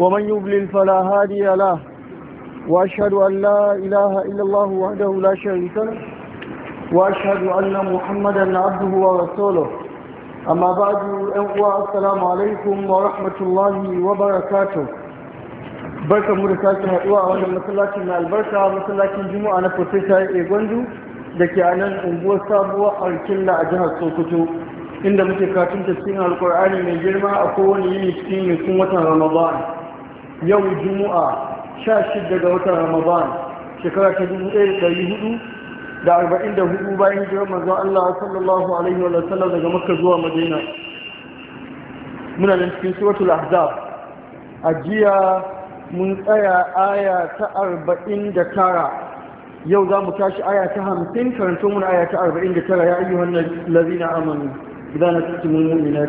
ومن يضلل فلا هادي له وأشهد أن لا إله إلا الله وحده لا شريك له وأشهد أن محمدا عبده ورسوله أما بعد السلام عليكم ورحمة الله وبركاته barka mu da sake haɗuwa a wannan masallacin na albarka masallacin juma'a na profesa ya gwandu da ke a nan unguwar sabuwar alkilla a jihar sokoto inda muke katunta cikin alkur'ani mai girma a kowane yini cikin yankin watan ramadan yau juma'a 16 ga watan ramadan shekara ta 1444 bayan hijirar manzo Allah sallallahu alaihi wa sallam daga makka zuwa madina muna nan cikin suratul ahzab a jiya mun tsaya aya ta 49 yau za mu tashi aya ta 50 karanto mun aya ta 49 ya ayyuhan ladina amanu idan kuntum mu'minina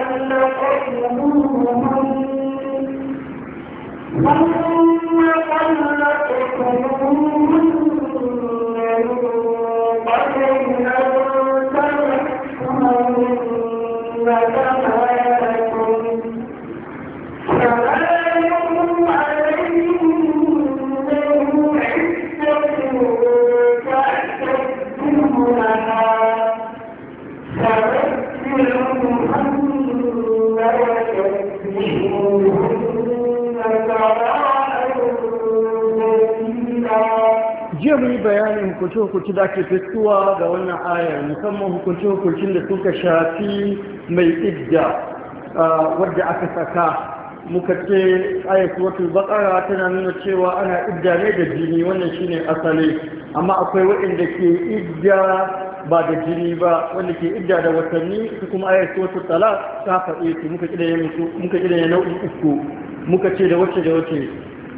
¡Gracias no hukunci-hukunci da ake fitowa ga wannan ayar musamman hukunci hukuncin da suka shafi mai idda wadda aka saka muka ce ayar wata bakara tana nuna cewa ana idda ne da jini wannan shine asali amma akwai waɗanda ke idda ba da jini ba wanda ke idda da watanni su kuma ayar wata tsala ta faɗe su muka ƙidaya nau'in uku muka ce da wacce da wacce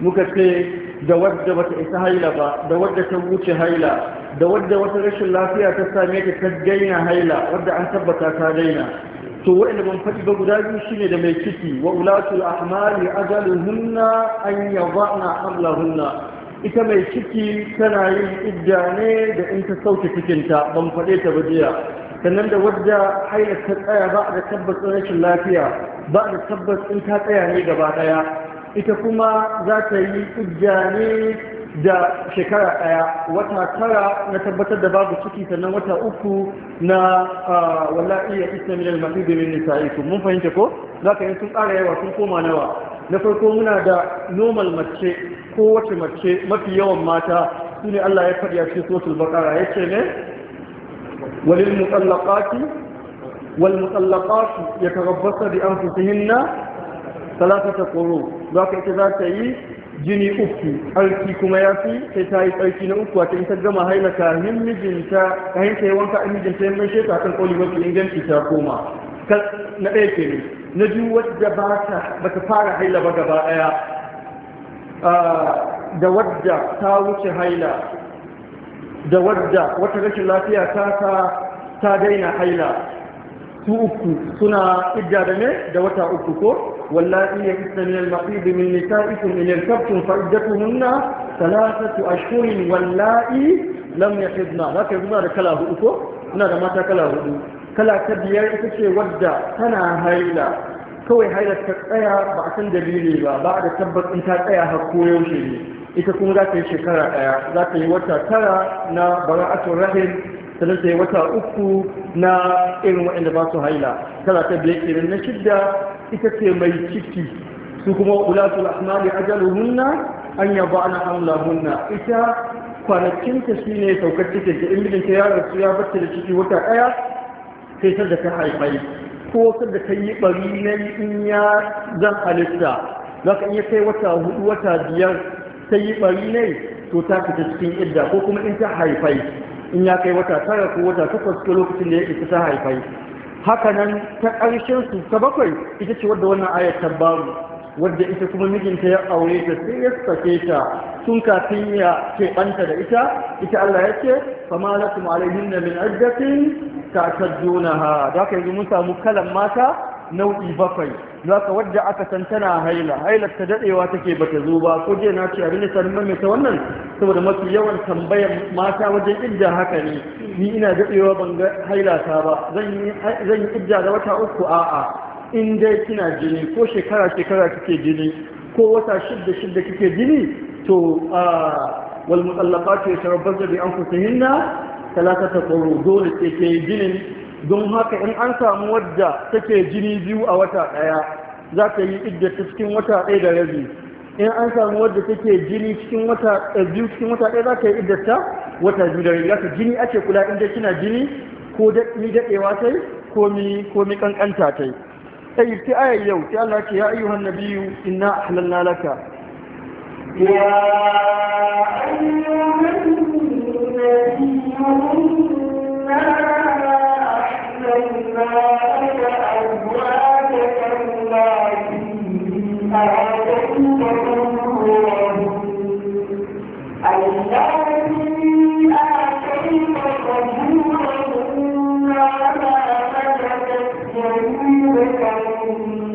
muka ce da wadda bata isa haila ba da wadda ta wuce haila da wadda wata rashin lafiya ta same ta ta daina haila wadda an tabbata ta daina to wa'anda ban faɗi ba guda biyu shine da mai ciki wa ulatul ahmali ajaluhunna an yadhana hamlahunna ita mai ciki tana yin idda ne da in ta sauke cikinta ban faɗe ta jiya sannan da wadda haila ta tsaya ba da tabbas rashin lafiya ba da tabbas in ta tsaya ne gaba ɗaya ita kuma za ta yi hujja ne da shekara ɗaya wata tara na tabbatar da babu ciki sannan wata uku na wala iya isa al-mahdi min nisa'ikum mun fahimta ko zaka yi sun ƙara yawa sun koma nawa na farko muna da normal mace ko wace mace mafi yawan mata sune Allah ya faɗi a cikin suratul baqara yace ne walil mutallaqati wal mutallaqatu yatarabbasna bi anfusihinna salatata koro za ka ita za ta yi jini uku alki kuma ya fi sai ta yi tsarki na uku A wata ta gama haila kahin mijinta yin ta yi wanka a mijinta yin mace ta kan koli mafi inganci ta koma na ɗaya ke ne na biyu wadda ba ta ba ta fara haila ba gaba ɗaya ah, da wadda ta wuce haila da wadda wata rashin lafiya ta ta daina haila su uku suna idda da ne da wata uku ko واللائي يئسن من المحيض من نسائكم إن ارتبتم فعدتهن ثلاثة أشهر واللائي لم يحضن هكذا هنا كلا هؤلاء هنا ما كلا kala ta biyar ita ce wadda tana haila kawai haila ta tsaya ba a san dalili ba ba da tabbacin ta tsaya har ko ita kuma za ta yi shekara ɗaya za ta yi wata tara na bara'atun rahim sannan ta yi wata uku na irin waɗanda ba su haila Kala ta biyar kenan na shidda ita ce mai ciki su kuma ulatul ahmali ajaluhunna an ba ana hamlahunna ita kwanakinta ne saukar cikin da in mijinta ya rasu ya bata da ciki wata ɗaya sai ta da ta haifai ko ta da ta yi bari na in ya zan halitta za ka iya kai wata hudu wata biyar ta yi bari ne to ta fita cikin idda ko kuma in ta haifai in ya kai wata tara ko wata takwas ko lokacin da ya isa ta haifai haka nan ta ƙarshen su ta bakwai ita ce wadda wannan ayar ta baru wadda ita kuma mijinta ya aure ta sai ya sake ta tun kafin ya ce banta da ita ita Allah ya ce fama lakum alaihinna min addatin ta tajunaha da kai mun samu kalan mata nau'i bakwai za ka wadda aka san tana haila hailar ta dadewa take bata zo ba ko je na ce abin da sanin mai ta wannan saboda mafi yawan tambayar mata wajen idda haka ne ni ina dadewa ban ga haila ta ba zan yi idda da wata uku a'a in dai kina jini ko shekara shekara kike jini ko wata shidda shidda kike jini to wal mutallaqatu yatarabbasna bi anfusihinna thalathata quru dole ke jinin don haka in an samu wadda take jini biyu a wata ɗaya za ka yi iddata cikin wata ɗaya da rabi in an samu wadda take jini cikin wata eh, biyu cikin wata ɗaya za ka yi iddata wata biyu da rabi za ka jini ake kula inda kina jini ko ni daɗewa ta yi ko mi ko mi ƙanƙanta ta yi sai ta ayar yau ta Allah ce ya ayyuhan nabiyyu inna ahlalna laka ya ayyuhan nabiyyu inna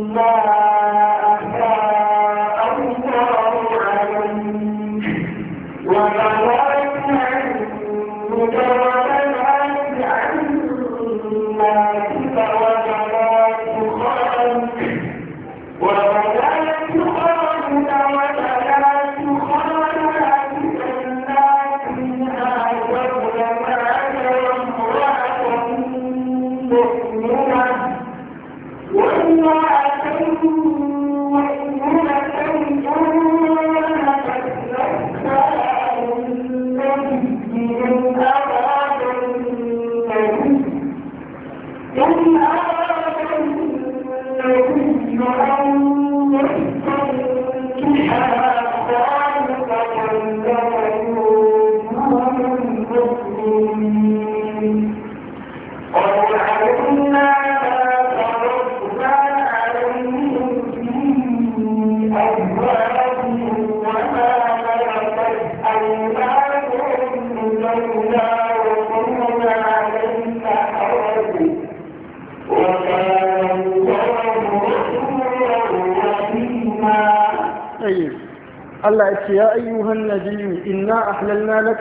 الله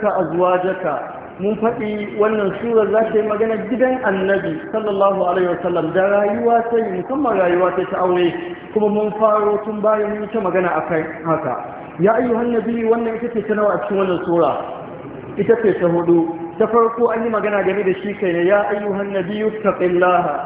laka mun faɗi wannan sura za ta yi magana gidan annabi sallallahu alaihi wasallam da rayuwa ta yi musamman rayuwa ta ta aure kuma mun faro tun bayan mun ta magana akan haka ya ayyuhan nabi wannan ita ce ta nawa a cikin wannan sura ita ce ta hudu ta farko an yi magana game da shi kai ya ayyuhan nabi taqillaha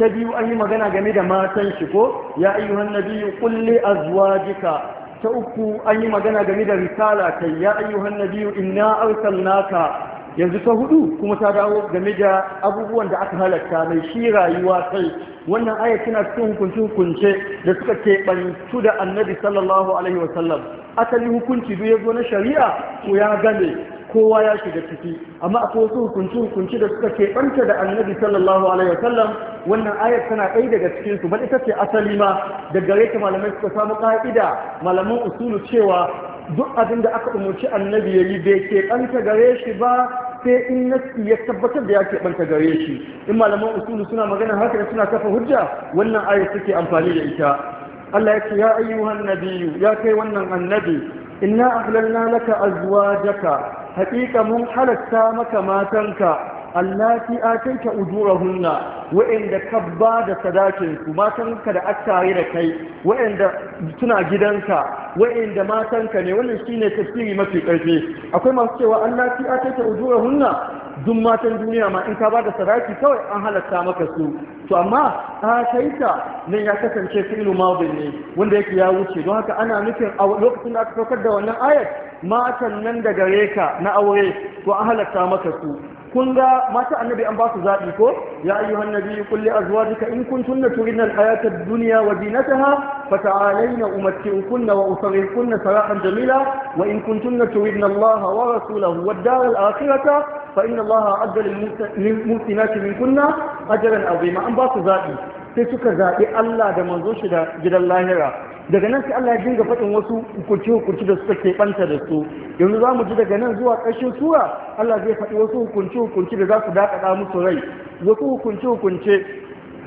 ta biyu an yi magana game da matan shi ko ya ayyuhan nabi qul azwajika ta uku an yi magana game da risala ta ya ayyuhan nabiyu inna arsalnaka yanzu ta hudu kuma ta dawo game da abubuwan da aka halatta mai shi rayuwa kai. wannan aya tana cikin hukunci hukunce da suka keɓantu da annabi sallallahu alaihi wasallam asali hukunci duk ya zo na shari'a ko ya gane kowa ya shiga ciki amma akwai wasu hukunci hukunci da suka keɓanta da annabi sallallahu alaihi wasallam wannan ayat tana ɗaya daga cikin su bal ita ce asali ma da gare ta malamai suka samu ka'ida malaman usulu cewa duk abin da aka umarci annabi ya yi bai keɓanta gare shi ba sai in nasi ya tabbatar da ya keɓanta gare shi in malaman usulu suna magana haka da suna kafa hujja wannan ayat suke amfani da ita Allah ya ce ya ayyuhan nabiyyu ya kai wannan annabi inna ahlalna laka azwajaka haƙiƙa mun halatta maka matanka allati ataita ujurahunna wa'inda ka ba da sadakin su matanka da aka da kai wa'inda suna gidanka wa'inda matanka ne wannan shine tafsiri mafi karfi akwai masu cewa allati ataita ujurahunna duk matan duniya ma in ka ba da sadaki kawai an halatta maka su to amma ataita nan ya kasance fi'lu madin ne wanda yake ya wuce don haka ana nufin a lokacin da aka saukar da wannan ayat matan nan da gare ka na aure to an halatta maka su kun ga mata annabi an ba su zaɓi ko ya ayyuhan nabi kulli azwajika in na turidna alhayata ad-dunya wa zinataha fata'alayna umatti'ukunna wa usarrihkunna sarahan jamila wa in kuntunna turidna Allah wa rasulahu wa dar al fa inna Allah a'adda lil muhsinati minkunna ajran 'azima an ba su zaɓi sai suka zaɓi Allah da manzo shi da gidan lahira daga nan sai Allah ya dinga faɗin wasu hukunci hukunci da suka ke banta da su yanzu za mu ji daga nan zuwa ƙarshen sura Allah zai faɗi wasu hukunci hukunci da za su dakaɗa musu rai wasu hukunci hukunci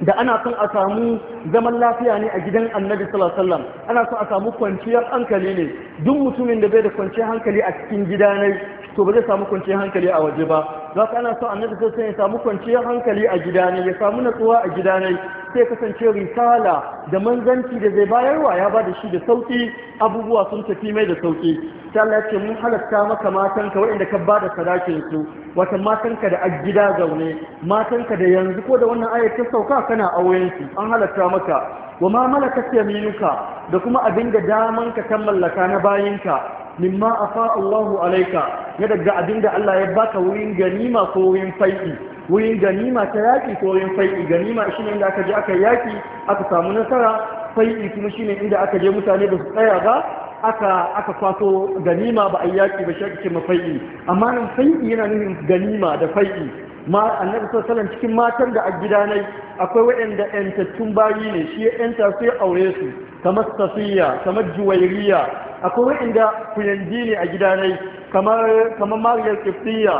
da ana son a samu zaman lafiya ne a gidan annabi sallallahu ana son a samu kwanciyar hankali ne duk mutumin da bai da kwanciyar hankali a cikin gida ne to ba zai samu kwanciyar hankali a waje ba za ka ana so annabi sai ya samu kwanciyar hankali a gida ne ya samu natsuwa a gida ne sai kasance risala da manzanci da zai bayarwa ya ba da shi da sauki abubuwa sun tafi mai da sauki ta Allah ce mun halatta maka matanka waɗanda ka ba da sadakin su wata matanka da a gida zaune matanka da yanzu ko da wannan ayat ta sauka kana auren su an halatta maka wa ma malakat yaminuka da kuma abin da daman ka kan mallaka na bayinka mimma afa Allahu alaika na daga abin da Allah ya baka wurin ganima ko wurin fai'i wurin ganima ta yaƙi ko wurin fai'i ganima ne inda aka je aka yaƙi aka samu nasara fai'i kuma shine inda aka je mutane ba su tsaya ba aka aka kwato ganima ba a yaƙi ba shi ake ma fai'i amma nan yana nufin ganima da fai'i ma annabi sallallahu cikin matan da a gidanai akwai waɗanda ƴantattun bayi ne shi ya ƴanta su aure su kamar safiya kamar juwairiya akwai waɗanda kuyanji ne a gidanai kamar kamar mariyar kifiya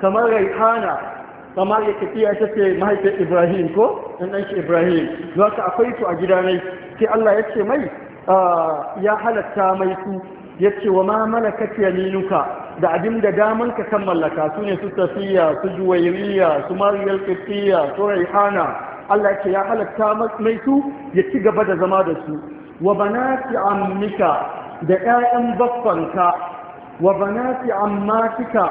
kamar raihana kamar ya tafiya ta ce mahaifiyar ibrahim ko ɗan shi ibrahim za ka akwai su a gidanai sai allah ya ce mai ah, ya halatta mai su ya ce wa ma malakat yaminuka da abin da daman ka kan mallaka su ne su safiya su juwairiya su mariyar tafiya su raihana allah ya ce ya halatta mai su ya ci gaba da zama da su wa banati ammika da ƴaƴan baffanka wa banati ammatika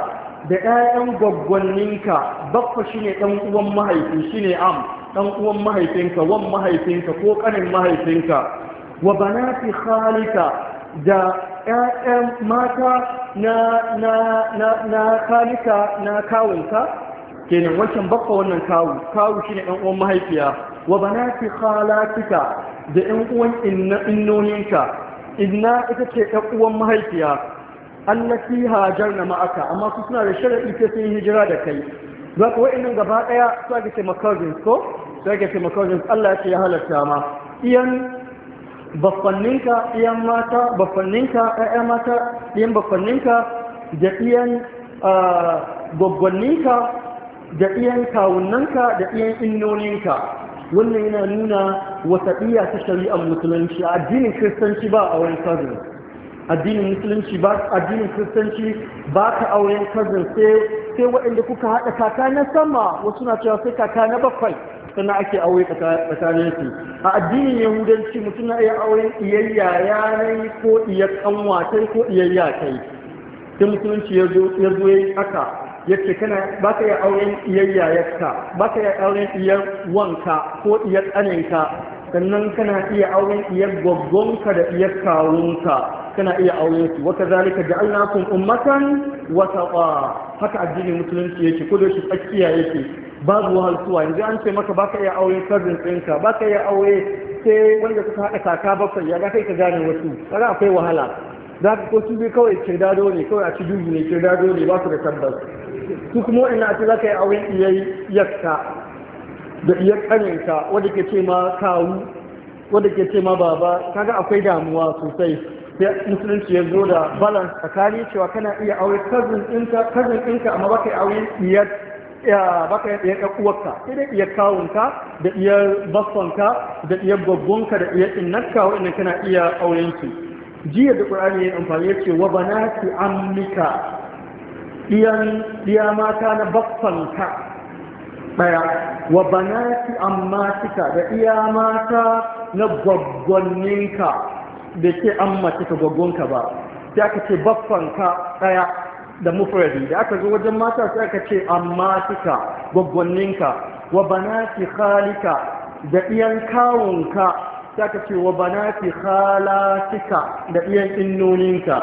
da ƴaƴan gwaggwanninka baffa shine ɗan uwan mahaifi shine am ɗan uwan mahaifinka wan mahaifinka ko kanin mahaifinka wa banati khalika da ƴaƴan mata na na na na khalika na kawunka kenan wancan baffa wannan kawu kawu shine ɗan uwan mahaifiya wa banati khalatika da ƴan uwan innoninka inna ita ce ƴan uwan mahaifiya allati na ma'aka amma su suna da sharadi sai sun hijira da kai za ka wa'annan gaba daya su ake ce makaujin ko su ake ce makaujin Allah ya ce ya halarta ma iyan baffanninka iyan mata baffanninka ƴaƴa mata iyan baffanninka da iyan gwaggwanninka da iyan kawunanka da iyan innoninka wannan yana nuna wasaɗiya ta shari'ar musulunci addinin kiristanci ba a wani cousin addinin musulunci ba addinin kiristanci ba ka auren kazan, sai sai waɗanda kuka haɗa kaka na sama wasu na cewa sai kaka na bakwai sannan ake aure tsakanin su a addinin yahudanci mutum na iya auren iyayya rai, ko iya kanwatai ko iyayya kai sai musulunci ya zo ya haka yace kana ba ka iya auren iyar yayarka ba ka iya auren iyar wanka ko iyar tsanenka sannan kana iya auren iyar gwaggonka da iyar kawunka kana iya auren su wata zalika ja'alnakum ummatan ba haka addinin musulunci yake ko da shi tsakiya yake babu wahalsuwa yanzu an ce maka ba ka iya auren tsinka ba ka iya aure sai wanda suka haɗa kaka bakwai ya ga kai ka gane wasu kaga akwai wahala za ka ko su bi kawai kirdado ne kawai a ci dubu ne ne ba su da tabbas su kuma wa'annan a za ka yi auren iyayi yakka da iya kanyanka wadda ke ce ma kawu wadda ke ce ma baba kaga akwai damuwa sosai sai musulunci ya zo da balance tsakani cewa kana iya aure cousin ɗinka cousin ɗinka amma baka yi auren iyar baka yi iyar uwarka kawunka da iya baffanka da iya gwaggonka da iyar innarka wa'annan kana iya auren jiya da qur'ani ya amfani ya ce wa banati amnika. ɗiya mata na baffanka ɗaya wa banati ammatika da ɗiya mata na gwaggwanninka da ke ammatika gwaggwanka ba sai aka ce baffanka ɗaya da mufradi da aka zo wajen mata sai aka ce ammatika gwaggwanninka wa banati khalika da ɗiyan kawunka sai aka ce wa banati khalatika da iyan innoninka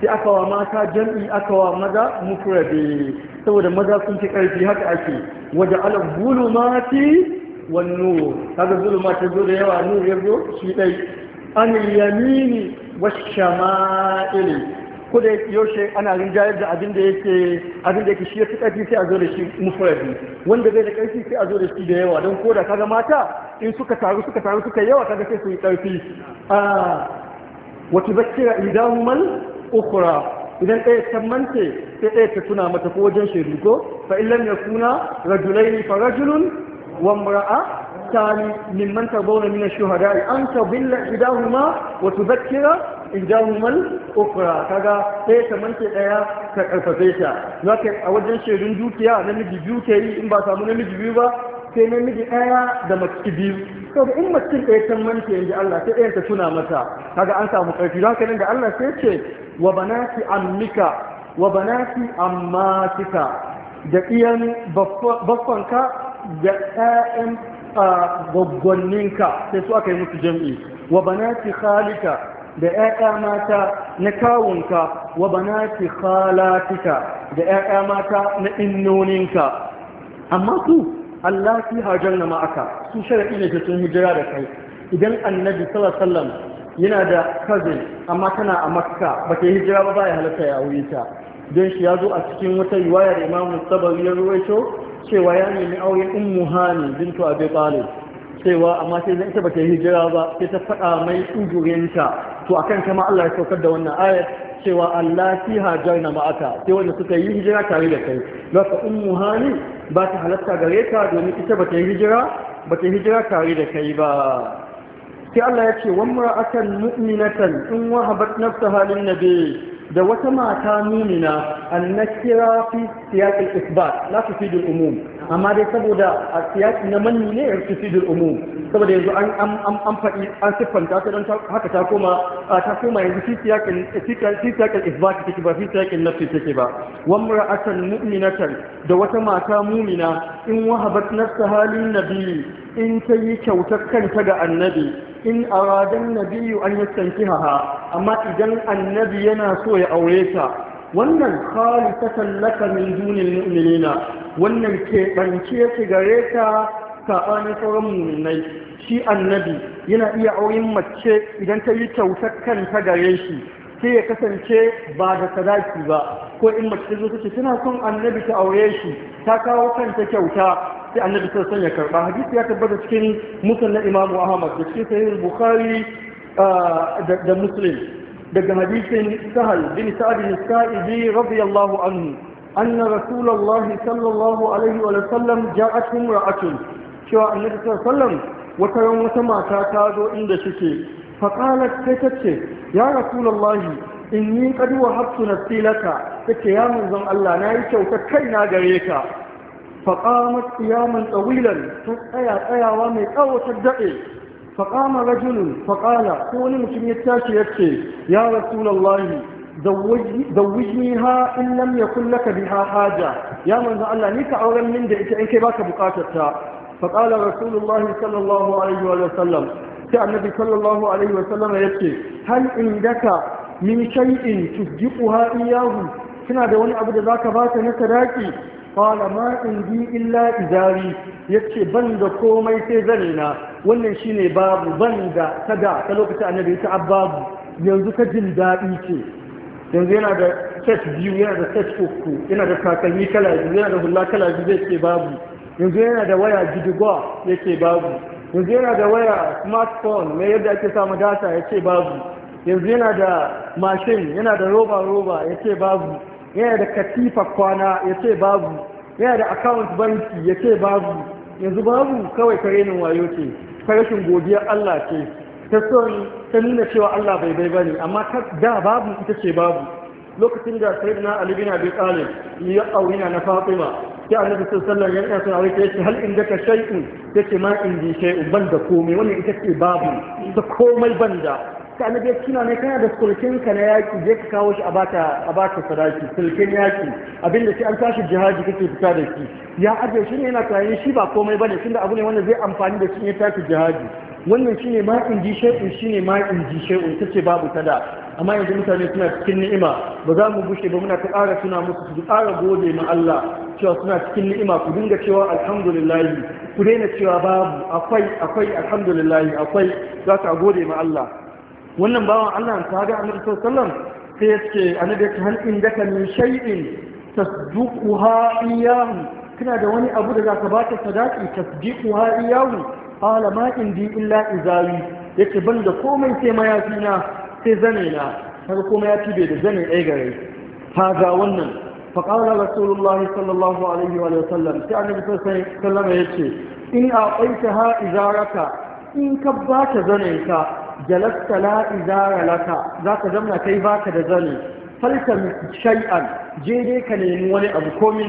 sai aka wa mata jam'i aka wa maza mufrade saboda maza sun fi karfi haka ake waja ala zulumati wan nur kaga zulumati zo da yawa nur ya zo shi dai an yamini wash shama'ili ko da yaushe ana rinjayar da abin da yake abin da yake shi su karfi sai a zo da shi mufradi wanda bai da karfi sai a zo da shi da yawa don ko da kaga mata in suka taru suka taru suka yawa kaga sai su yi karfi a wa tuzakkira idamal idan ɗaya ta mance sai ɗaya ta tuna mata ko wajen shaidu ko fa illam yakuna rajulaini fa rajulun wa imra'a الثاني ممن ترضون من الشهداء أن تضل إحداهما وتذكر إحداهما الأخرى كذا هي تمنت أيا كالفتيشة لكن أولا شيء رنجوكيا نمجي بيوكي إن باسامو نمجي بيوكي sai namiji ɗaya da mace biyu saboda in mace ɗaya ta manta yanzu Allah sai ɗayan ta tuna mata kaga an samu ƙarfi don haka da Allah sai ce wa banati ammika wa banati ammatika da iyan baffanka da ƴaƴan A gwaggwanninka sai su aka yi musu jam'i wa banati khalika da 'ya'ya mata na kawunka wa banati khalatika da 'ya'ya mata na innoninka amma su Allah fi hajar na ma'aka su sharaɗi ne sun hijira da kai idan annabi sallallahu yana da cousin amma tana a makka ba ta hijira ba ba ya halatta ya aure ta don shi ya zo a cikin wata riwaya da imamu sabari ya ruwaito cewa ya nemi auren ummu hani bintu abi talib cewa amma sai zan ita bata hijira ba sai ta faɗa mai ujurinta to akan kama Allah ya saukar da wannan ayat cewa Allah fi hajarna ma'aka sai wanda suka yi hijira tare da kai zaka ummu hani ba ta halatta gare ka domin ita bata yi hijira bata hijira tare da kai ba sai Allah ya ce wa mar'atan mu'minatan in wahabat nafsaha lin nabi da wata mata mumina annakira fi siyaqil isbat la tufidul umum amma dai saboda a siyaki na manni ne irtisidul umu saboda yanzu an an an faɗi an siffanta ta don haka ta koma ta koma yanzu fi siyakin fi take ba fi siyakin take ba wa mura'atan mu'minatan da wata mata mumina in wahabat nafsaha halin nabi in ta yi kyautar kanta ga annabi in aradan nabiyyu an yastankiha amma idan annabi yana so ya aure ta wannan khalisatan laka min dunin mu'minina wannan ke bance gareta gare ka sabanin sauran mu'minai shi annabi yana iya aurin mace idan ta yi kyautar kanta gare shi sai ya kasance ba da sadaki ba ko in mace zo ta ce tana son annabi ta aure shi ta kawo kanta kyauta sai annabi ta son ya karba hadisi ya tabbata cikin musulman imamu ahmad da cikin sahih bukhari ah, da muslim daga hadisin sahal bin sa'ad bin sa'idi radiyallahu anhu anna rasulullahi sallallahu alaihi wa sallam ja'at imra'atun cewa annabi sallallahu alaihi wata wata mata ta zo inda suke fa qalat sai tace ya rasulullahi inni qad wahabtu nafsi laka tace ya manzon Allah nayi kyauta kaina gare ka fa qamat qiyaman tawilan ta tsaya tsayawa mai tsawo ta فقام رجل فقال قول مسلم يتاشي يكي يا رسول الله زوجنيها إن لم يكن لك بها حاجة يا من ذا الله نيك أولا من دعيك إنك باك بقاتتا فقال رسول الله صلى الله عليه وسلم كان النبي صلى الله عليه وسلم يكي هل عندك من شيء تصدقها إياه كنا دوني أبدا ذاك باك نتراكي qala ma indi illa idari yace ban da komai sai zane na wannan shine babu ban da kada ta lokacin annabi ta babu yanzu ka jin daɗi ce yanzu yana da set biyu yana da set uku yana da takalmi kala biyu yana da hulla kala biyu zai ce babu yanzu yana da waya gidigwa yake babu yanzu yana da waya smartphone mai yadda ake samu data ya babu yanzu yana da mashin yana da roba roba ya babu yana da katifa kwana ya babu yana da account banki ya ce babu yanzu babu kawai ta nan wayo ce ta godiyar Allah ce ta son ta nuna cewa Allah bai bai bane amma da babu ita ce babu lokacin da sayyidina Ali bin Abi Talib ya aurina na Fatima ya annabi sallallahu alaihi wasallam ya tsaya yace hal in daka shay'un yace ma in di shay'un banda komai wannan ita ce babu ta komai banda sai annabi ya tuna ne kana da sulkin ka na yaki je ka kawo shi a baka a baka sadaki sulkin yaki abinda sai an tashi jihadi kake fita da shi ya aje shi ne yana tunanin shi ba komai bane tunda abu ne wanda zai amfani da shi ne tashi jihadi wannan shine ma in ji shi shine ma in ji shay'un tace babu tada amma yanzu mutane suna cikin ni'ima ba za mu bushe ba muna ta ƙara suna musu su ƙara gode ma Allah cewa suna cikin ni'ima ku dinga cewa alhamdulillah ku daina cewa babu akwai akwai alhamdulillah akwai za ka gode ma Allah wannan bawan Allah ta ga annabi sallallahu sai yace annabi ya han inda ka min shay'in tasduquha iyahu kana da wani abu da zaka baka sadaqi tasdiquha iyahu qala ma indi illa izawi yace ban da komai sai mayafi na sai zane na kaga komai ya tibe da zane ɗaya gare Ha ga wannan فقال رسول الله صلى الله عليه وسلم كان النبي صلى الله عليه وسلم يقول إن أعطيتها إزارك in ka ba ta zanenka jalasta la izara Za zaka zamna kai baka da zane. faltam shay'an je dai ka nemi wani abu ko ne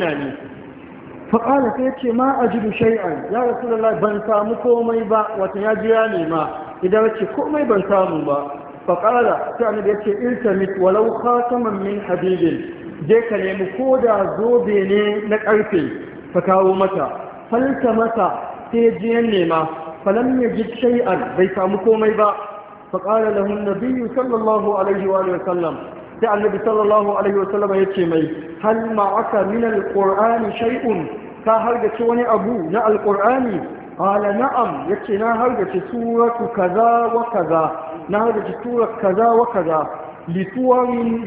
faƙala sai ce ma a jiru shay'an ya da ban samu komai ba wata ya jira ne ma idan ce komai ban samu ba faƙala sai annabi ya ce intermit walau khataman min habibin je ka nemi ko da zobe ne na ƙarfe ka kawo mata falta mata sai je nema falam ya ji shay'an bai samu komai ba فقال له النبي صلى الله عليه وآله وسلم sai annabi sallallahu alaihi wasallama ya ce mai hal ma'aka min alqur'ani shay'un hargace wani abu na Alƙur'ani? qala na'am yace na hargace suratu kaza wa kaza na hargace surat kaza wa kaza li suwarin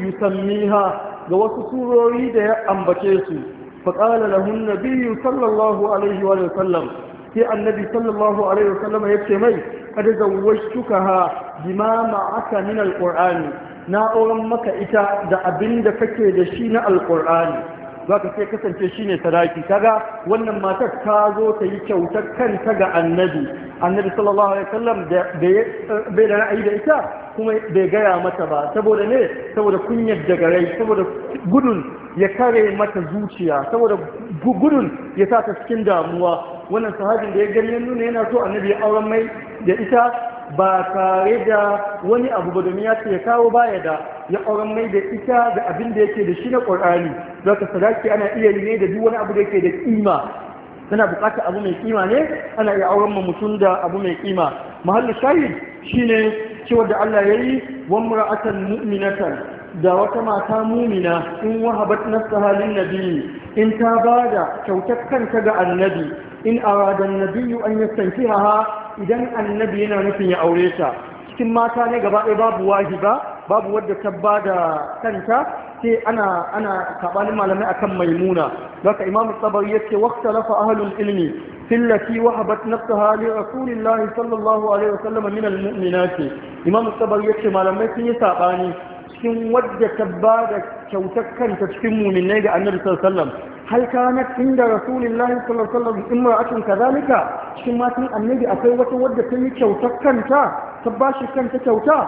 ga wasu surori da ya ambace su fa qala lahu sallallahu alaihi wa sallam sai annabi sallallahu alaihi wasallam ya ce mai kada zawwashtuka ha bima ma'aka min alqur'ani na maka ita da abin da kake da shi na alqur'ani zaka sai kasance shine sadaki kaga wannan matar ta zo ta yi kyautar kanta ga annabi annabi sallallahu alaihi wasallam bai da ra'ayi da ita kuma bai gaya mata ba saboda ne saboda kunyar da garai saboda gudun ya kare mata zuciya saboda gudun ya sa ta cikin damuwa wannan sahabin da ya gani ya nuna yana so annabi ya auren mai da ita ba tare da wani abu ba domin ya ce ya kawo baya da ya auren mai da ita da abin da yake da shi na ƙwar'ani za ka sadaki ana iya yi ne da duk wani abu da yake da kima tana buƙatar abu mai kima ne ana iya auren ma mutum da abu mai kima mahallin shahid shine cewa da Allah ya yi wa mura'atan mu'minatan da wata mata mumina in wahabat nafsaha lin nabi in ta bada kyautar kanta ga annabi in arada an-nabi an haha idan annabi yana nufin ya aure ta cikin mata ne gaba ɗaya babu wahiba babu wadda ta ba da kanta sai ana ana sabanin malamai akan maimuna haka imam tsabari yace waqta lafa ahlul ilmi fillati wahabat nafsaha li rasulillahi sallallahu alaihi wasallam min almu'minat imam tsabari yace malamai sun yi sabani cikin wadda ta ba da kyautar kanta cikin muminai ga annabi sallallahu alaihi wasallam hal kanat inda rasulullahi sallallahu alaihi wasallam imra'atun kadhalika cikin matan annabi akwai wata wadda ta yi kyautar kanta ta ba shi kanta kyauta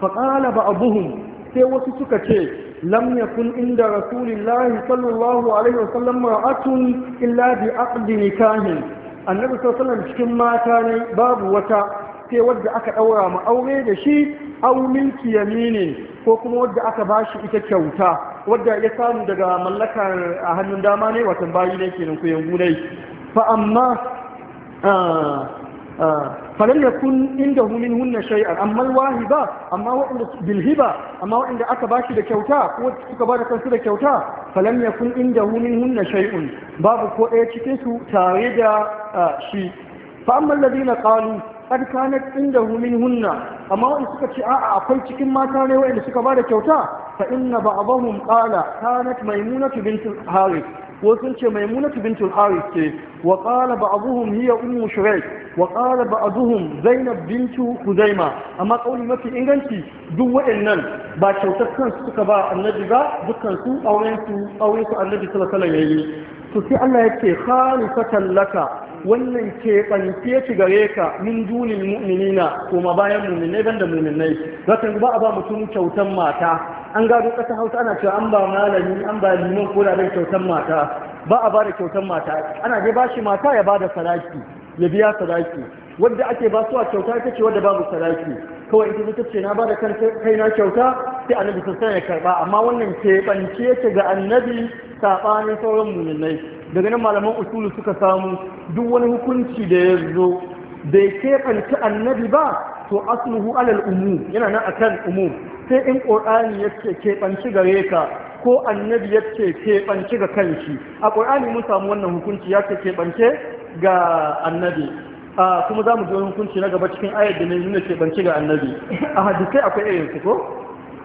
fa qala ba'dhum sai wasu suka ce lam yakun inda rasulullahi sallallahu alaihi wasallam ra'atun illa bi aqdi nikahin annabi sallallahu alaihi wasallam cikin mata ne babu wata sai wadda aka ɗaura ma aure da shi au milki yaminin ko kuma wadda aka bashi ita kyauta wadda ya samu daga mallakar a hannun dama ne watan bayi ne kenan ku yangu ne. fa amma falan yakun inda min hunna shay'an amma alwahiba amma wa'inda bil hiba amma wa'inda aka bashi da kyauta ko suka bada kansu da kyauta falan yakun inda min hunna shay'un babu ko ɗaya cikin su tare da shi fa amma alladhina qalu qad kanat indahu hunna, amma wani suka ce a'a akwai cikin mata ne wanda suka da kyauta fa inna ba'dahum qala kanat maimunatu bintul harith ko sun ce maimunatu bintul harith ce wa qala ba'dhum hiya ummu shuraik wa qala ba'dhum zainab Bintu huzaima amma kauli mafi inganci duk waɗannan ba kyautar kansu suka ba annabi ba dukkan su auren su auren su annabi sallallahu alaihi wasallam yayi to sai Allah ya ce khalisatan laka wannan kwanke ci gare ka min dunin mu'minina kuma bayan mu'minai banda mu'minai zaka ba a ba mutum kyautan mata an gado kasa hausa ana cewa an ba malami an ba liman ko da bai kyautan mata ba a ba da kyautan mata ana je ba shi mata ya ba da saraki ya biya saraki wadda ake ba su a kyauta ita ce wadda babu saraki kawai ita ta ce na ba da kai na kyauta sai annabi sun ya karba amma wannan kwanke ci ga annabi saɓanin sauran muminai daga nan malaman usulu suka samu duk wani hukunci da ya zo bai keɓanta annabi ba to asluhu alal umu yana nan akan umu sai in qur'ani yace kefanci gare ka ko annabi yace kefanci ga kanshi a qur'ani mun samu wannan hukunci yace keɓance ga annabi kuma za mu ji hukunci na gaba cikin ayar da ne nuna keɓanci ga annabi a hadisai akwai irin ko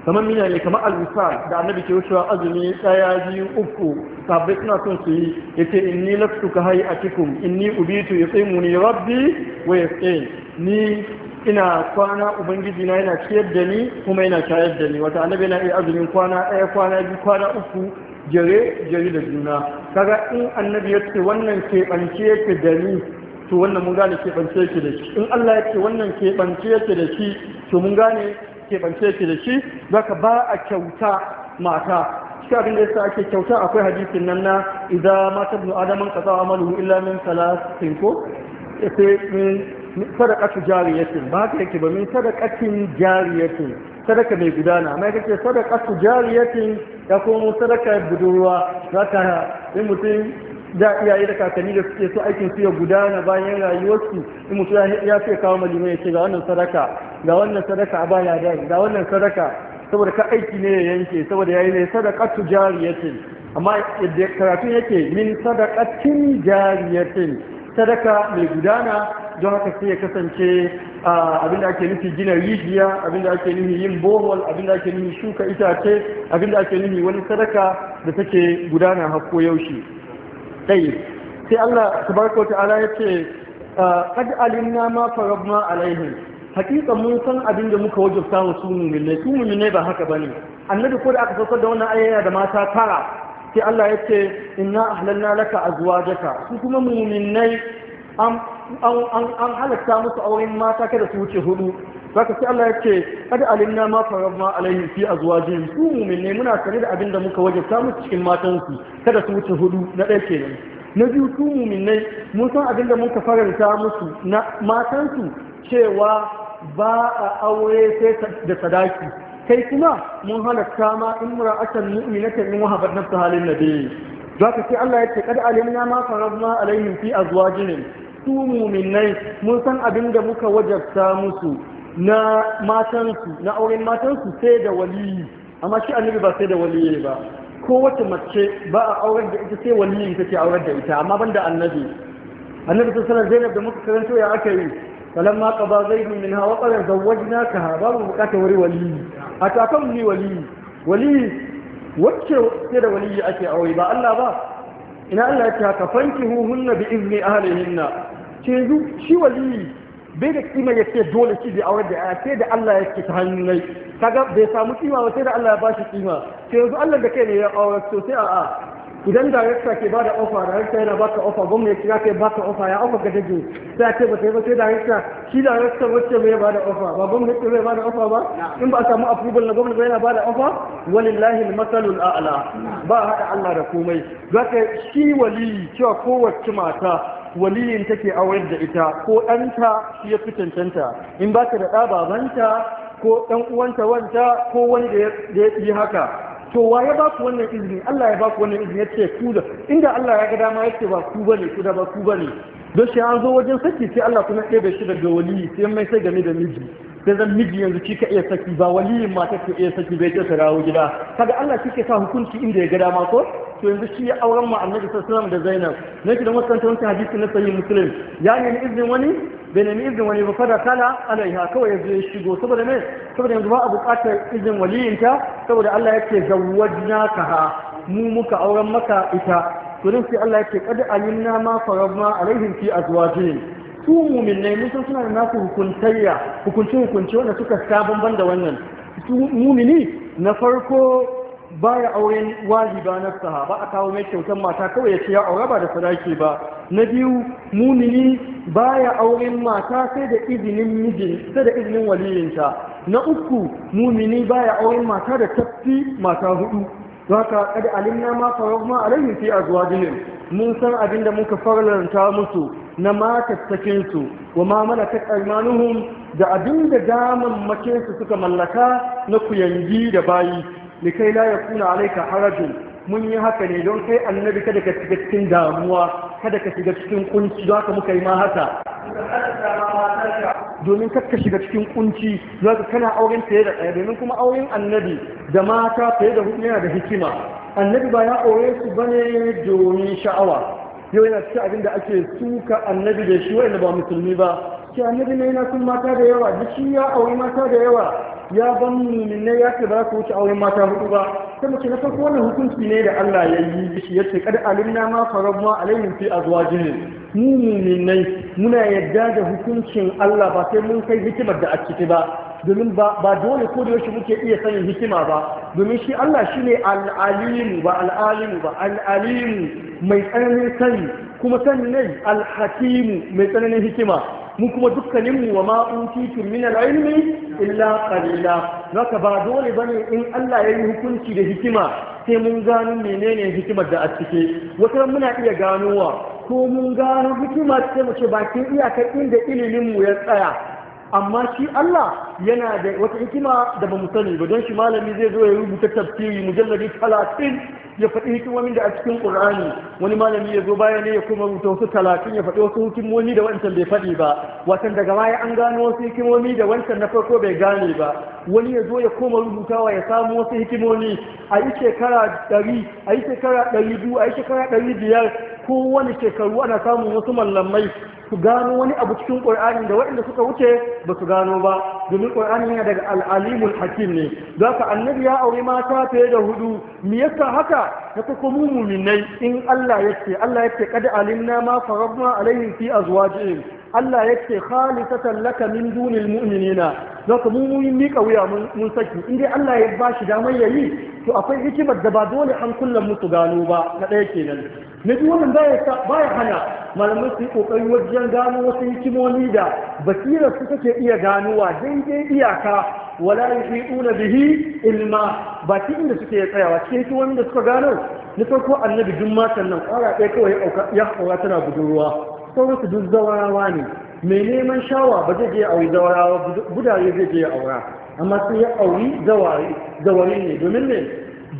kamar mina ne kamar alwisal da annabi ke wucewa azumi daya biyu uku sabbai suna son su yi Ya In inni lastu ka hayi atikum inni ubitu muni rabbi wa ya tsaye ni ina kwana ubangiji na yana ciyar da ni kuma yana shayar da ni wata annabi na iya azumin kwana ɗaya kwana biyu kwana uku jere jere da juna kaga in annabi ya ce wannan keɓance yake da ni to wannan mun gane keɓance yake da shi in Allah ya ce wannan keɓance yake da shi to mun gane keɓance ki da shi zaka ba a kyauta mata cikin abin da yasa ake kyauta akwai hadisin nan na idan mata ibn adam an qata amalu illa min salasin ko sai min sadaqatu jariyatin ba haka yake ba min sadaqatin jariyatin sadaka mai gudana amma yake sadaqatu jariyatin ya kuma sadaka budurwa zaka in mutum da iyaye da kakanni da suke so aikin su ya gudana bayan rayuwarsu in mutum ya fiye kawo malimai ya ce ga wannan sadaka ga wannan sadaka a baya da ga wannan sadaka saboda ka aiki ne ya yanke saboda yayi ne tu jariyatin amma yadda karatun yake min sadaqatin jariyatin sadaka mai gudana don haka sai ya kasance abin da ake nufi gina rijiya abin da ake nufi yin bohol abin da ake nufi shuka itace abin da ake nufi wani sadaka da take gudana har koyaushe tayyib sai Allah tabaraka wa ta'ala yace qad alimna ma farabna alaihim hakika mun san abin da muka wajabta mu su mu'minai su mu'minai ba haka ba bane annabi ko da aka saka da wannan ayya da mata tara sai Allah yace inna ahlalna laka jaka, su kuma mu'minai an an an halatta musu auren mata kada su wuce hudu zaka sai Allah ya yake kad alimna ma faramma alaihim fi azwajihim su mu'minne muna kare da abinda muka wajabta musu cikin matansu kada su wuce hudu na ɗaya kenan na biyu su mu'minai mun san abinda muka faranta musu na matansu cewa ba a aure sai da sadaki kai kuma mun halatta ma imra'atan mu'minatan in wahabat nafsa halin nabi zaka sai Allah ya yake kad alimna ma faramma alaihim fi azwajihim su mu'minai mun san abinda muka wajabta musu na matansu na auren matansu sai da waliyi amma shi annabi ba sai da waliyi ba kowace mace ba a aurar da ita sai waliyi take aurar da ita amma banda annabi annabi ta sanar Zainab da muka karanto ya aka yi فلما قضى زيد منها وطرا زوجناكها باب بكاته وري ولي اتاكم لي ولي ولي wacce sai da waliyi ake aure ba Allah ba ina Allah ya ce haka fankihu hunna bi izni ahlihinna ce shi waliyi bai da kima ya ce dole shi zai aure da ya sai da Allah ya ce ta hannunai kaga bai samu kima ba sai da Allah ya ba shi kima sai yanzu Allah da kai ne ya aure to sai a'a idan darekta ke ba da ofa darekta yana baka ofa gwamna ya kira kai baka ofa ya ofa ga dajo sai a ce ba sai ba sai darekta shi darekta wacce bai ba da ofa ba gwamna ce bai ba da ofa ba in ba a samu approval na gwamna ba yana ba da ofa walillahi masalul a'la ba hada Allah da komai zaka shi wali cewa kowace mata waliyin take aurar da ita ko ɗanta shi ya fi cancanta in ba ta da ɗa babanta ko ɗan uwanta wanta ko wani da ya yi haka to wa ya ba ku wannan izini Allah ya ba ku wannan izini yace ku da inda Allah ya ga dama yace ba ku bane ku da ba ku bane don shi an zo wajen saki sai Allah kuma bai shi daga waliyi sai mai sai game da miji sai zan miji yanzu shi ka iya saki ba waliyin mata ka iya saki bai ta sarawo gida kaga Allah ke sa hukunci inda ya ga dama ko to yanzu shi ya auren mu annabi sallallahu da Zainab ne ki da makanta wancan hadisi na sahih Muslim ya nemi izinin wani bai nemi izinin wani ba fada kala alaiha kawai yanzu ya shigo saboda me saboda yanzu ba a buƙatar izinin waliyinta saboda Allah yake kaha mu muka auren maka ita to din sai Allah yake kad alimna ma faradna alaihim fi azwajihim su mun san suna da nasu hukuntayya hukunci hukunci wanda suka sabon banda da wannan su mu'mini na farko Ba baya auren wajiba na saha ba a kawo mai kyautar mata kawai ya ce ya aure ba da sadaki ba na biyu mumini baya auren mata sai da izinin mijin sai da izinin waliyinta na uku mumini baya auren mata da tafi mata hudu ka kada alimna ma faragma alaihim fi azwajihim mun san abin da muka farlanta musu na mata sakin su wa ma malakat aymanuhum da abinda daman makin su suka mallaka na kuyangi da bayi likai la yakuna alayka harajun mun yi haka ne don kai annabi kada ka shiga cikin damuwa kada ka shiga cikin kunci za ka muka yi ma haka domin kada ka shiga cikin kunci za ka kana auren fiye da ɗaya domin kuma auren annabi da mata fiye da hudu yana da hikima annabi ba ya aure su ne domin sha'awa yau yana cikin abin da ake suka annabi da shi wa'anda ba musulmi ba shi annabi ne yana mata da yawa duk shi ya auri mata da yawa ya ban mumin ne ya ce ba ku wuce auren mata hudu ba sai mace na farko wannan hukunci ne da Allah ya yi shi yace kada alimna ma faramma alaihim fi azwajihim mu muminai muna yadda da hukuncin Allah ba sai mun kai hikimar da a ciki ba domin ba dole ko da yaushe muke iya sanin hikima ba domin shi Allah shine al-alimu ba al ba al mai tsananin sani kuma sani ne al mai tsananin hikima mu kuma dukkaninmu wa ma'utitun min al'ilmi illa qalila zaka ba dole bane in Allah ya yi hukunci da hikima sai mun gano menene hikimar da a cike wata muna iya ganowa ko mun gano hikima sai mu ce bakin iyakar inda ilimin mu ya tsaya amma shi Allah yana da wata hikima da ba mu sani ba don shi malami zai zo ya rubuta tafsiri mujalladi talatin ya faɗi hikimomin da a cikin ƙur'ani wani malami ya zo baya ne ya kuma rubuta wasu talatin ya faɗi wasu hikimomi da wancan bai faɗi ba watan daga baya an gano wasu hikimomi da wancan na farko bai gane ba wani ya zo ya koma rubutawa ya samu wasu hikimomi a yi shekara ɗari a yi shekara ɗari biyu a yi shekara ɗari biyar ko wani shekaru ana samun wasu mallamai su gano wani abu cikin ƙur'ani da waɗanda suka wuce ba su gano ba domin ƙwararren yana daga al'alimul hakim ne za ka annabi ya aure mata fiye da hudu me yasa haka na kuka mummuminai in Allah ya ce Allah ya ce kada alimna ma farabna alaihim fi azwajihim Allah ya ce khalisatan laka min dunil mu'minina za ka mun mika wuya mun saki in dai Allah ya ba shi damar yayi to akwai hikimar da ba dole an kullum musu gano ba na ɗaya kenan na biyu wannan baya hana malamai su yi ƙoƙari wajen gano wasu hikimomi da basira su take iya ganowa daidai iyaka wala yuhiquna bihi ilma ba ki inda suke tsayawa ke hikimomin da suka gano na farko annabi duk sannan nan ƙara ɗaya kawai ya haura tana budurwa sauran su duk zawarawa ne mai neman shawa ba zai je auri zawarawa budare zai je aura amma sai ya auri zawari ne domin ne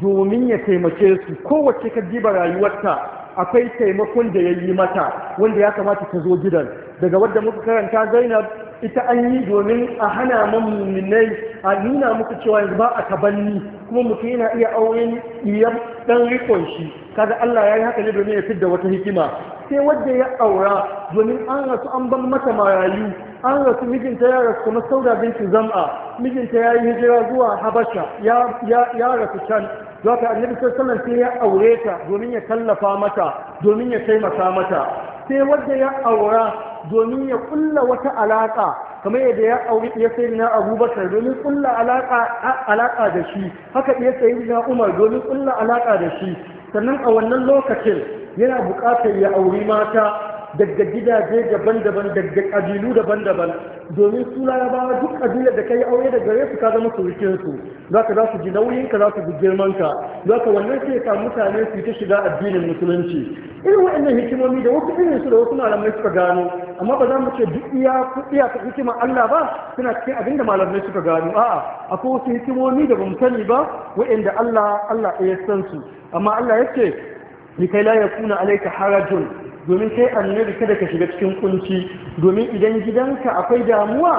domin ya taimake su kowace ka rayuwarta akwai taimakon da ya yi mata wanda ya kamata ta zo gidan daga wadda muka karanta zainab ita an yi domin a hana mummunai a nuna muku cewa yanzu ba a tabanni kuma mutum yana iya auren iyar dan rikon shi kaga Allah ya yi haka ne domin ya fidda wata hikima sai wadda ya aura domin an rasu an ban mata marayu an rasu mijinta ya rasu kuma sauda binti zam'a mijinta ya yi hijira zuwa habasha ya rasu can Za annabi sallallahu sai ya aure ta domin ya tallafa mata domin ya taimaka mata sai wanda ya aura domin ya kulla wata alaka kamar yadda ya aure ya sayi na abubakar domin kulla alaka alaka da shi haka ya sayi na umar domin kulla alaka da shi sannan a wannan lokacin yana buƙatar ya auri mata daga gidaje daban-daban daga ƙabilu daban-daban domin ya bawa duk kabilar da kai yi aure da gare su ka zama surukin su za ka za su ji nauyin ka za su ji girman ka za ka wannan sai ka mutane su ta shiga addinin musulunci irin waɗannan hikimomi da wasu irin su da wasu malamai suka gano amma ba za mu ce duk iya iya ta hikima Allah ba suna cikin abin da malamai suka gano a'a akwai wasu hikimomi da bamu sani ba waɗanda Allah Allah ya san su amma Allah ya ce kai la yakuna alayka harajun domin sai annabi kada ka shiga cikin kunci domin idan gidanka akwai damuwa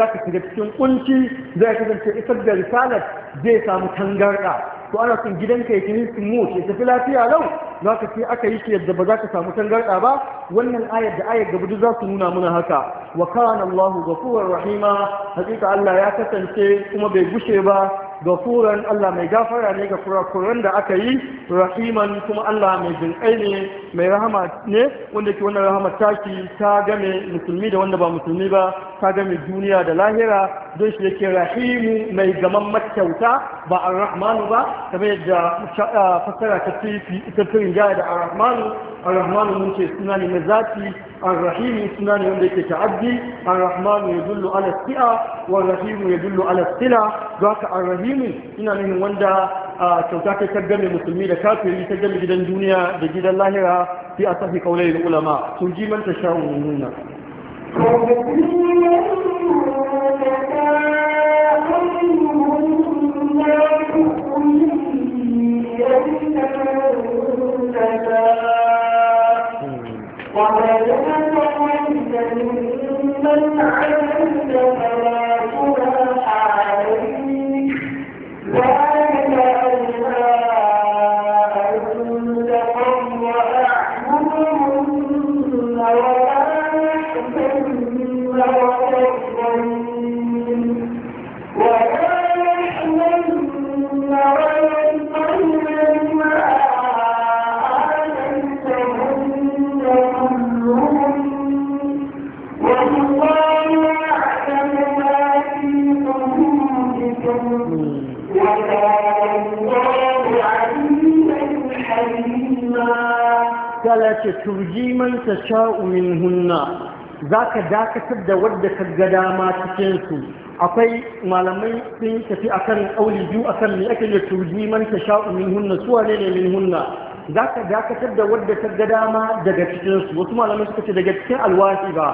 za ka shiga cikin kunci zai kasance isar da risalar zai samu tangarɗa to ana son gidanka ya kini mutu ya tafi lafiya lau za ka ce aka yi shi yadda ba za ka samu tangarɗa ba wannan ayar da ayar gaba za su nuna mana haka wa kana Allahu ghafurur rahima hakika Allah ya kasance kuma bai gushe ba gafuran Allah mai gafara ne ga kurakuran da aka yi rahiman kuma Allah mai jinƙai ne mai rahama ne wanda ke wannan rahama taki ta game musulmi da wanda ba musulmi ba ta game duniya da lahira don shi yake rahimu mai gaman makyauta ba arrahmanu ba kamar yadda uh, fassara ta tafi jaya da arrahmanu الرحمن من سنان مزاتي الرحيم سنان يملك تعدي الرحمن يدل على السئة والرحيم يدل على السلة ذاك الرحيم إن من وندا توتاك آه، تجمع المسلمين الكافر يتجمع جدا الدنيا جدا اللاهرة في أصح قولي العلماء تنجي من تشاؤون Thank you. وما لنا من عليك ce turji man ta sha'u min hunna za ka dakatar da wadda ka ga dama cikin su akwai malamai sun tafi akan auli biyu akan me ake da turji man ta sha'u min hunna su wane ne min hunna za ka dakatar da wadda ka ga dama daga cikin su wasu malamai suka ce daga cikin alwasi ba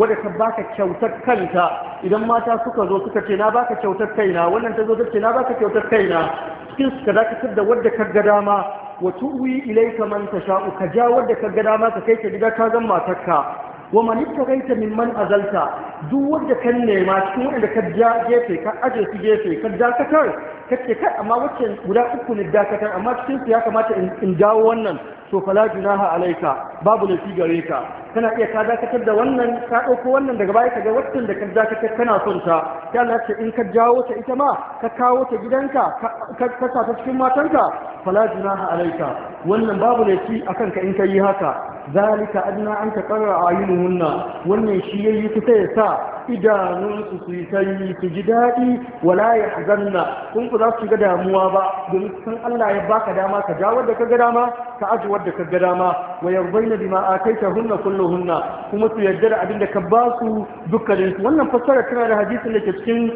wadda ta baka kyautar kanta idan mata suka zo suka ce na baka kyautar kaina wannan ta zo ta ce na baka kyautar kaina cikin suka dakatar da wadda ka ga dama wa tuwi ilayka man tasha'u ka ja wanda ka ga dama ka kai ka gida ka zan matarka wa man ittaqaita mimman azalta duk wanda ka nema cikin wanda ka ja gefe ka aje su gefe ka dakatar kace kai amma wacce guda uku ne dakatar amma cikin su ya kamata in dawo wannan to fala junaha alaika babu lafi gare ka kana iya ka dakatar da wannan ka ɗauko wannan daga baya kaga wannan da ka dakatar kana son ta ya ce in ka jawo ta ita ma ka kawo ta gidanka ka sa ta cikin matanka fala junaha alaika wannan babu lafi akan ka in ka yi haka zalika adna an taqarra ayunuhunna wannan shi yayi kusa ya sa idanunsu su yi sanyi su ji daɗi wala ya zanna kun ku za su ga damuwa ba domin san Allah ya baka dama ka jawo da ka ga dama ka ajiye. Daka da ka ga dama wa yarbaina hunna akaita hunna kuma su yarda da abinda ka basu su wannan fassara tana da hadisin da ke cikin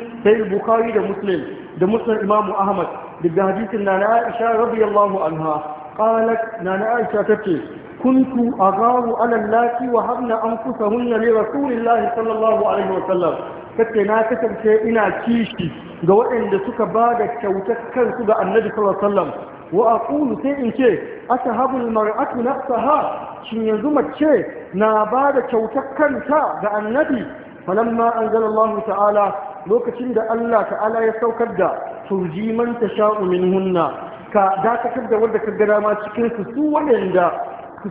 bukhari da muslim da muslim imamu ahmad daga hadisin na na aisha radiyallahu anha qalat na na aisha tace kuntu agharu ala allati wa habna anfusahunna li rasulillahi sallallahu alaihi wa sallam kace na kasance ina kishi ga waɗanda suka ba da kyautar ga annabi sallallahu alaihi wasallam wa aqulu sai in ce atahabul mar'atu nafsaha shin yanzu mace na ba da kyautar kanta ga annabi falamma anzalallahu ta'ala lokacin da Allah ta'ala ya saukar da turji sha'u tasha'u minhunna ka dakatar da wanda ka ga dama cikin su su waɗanda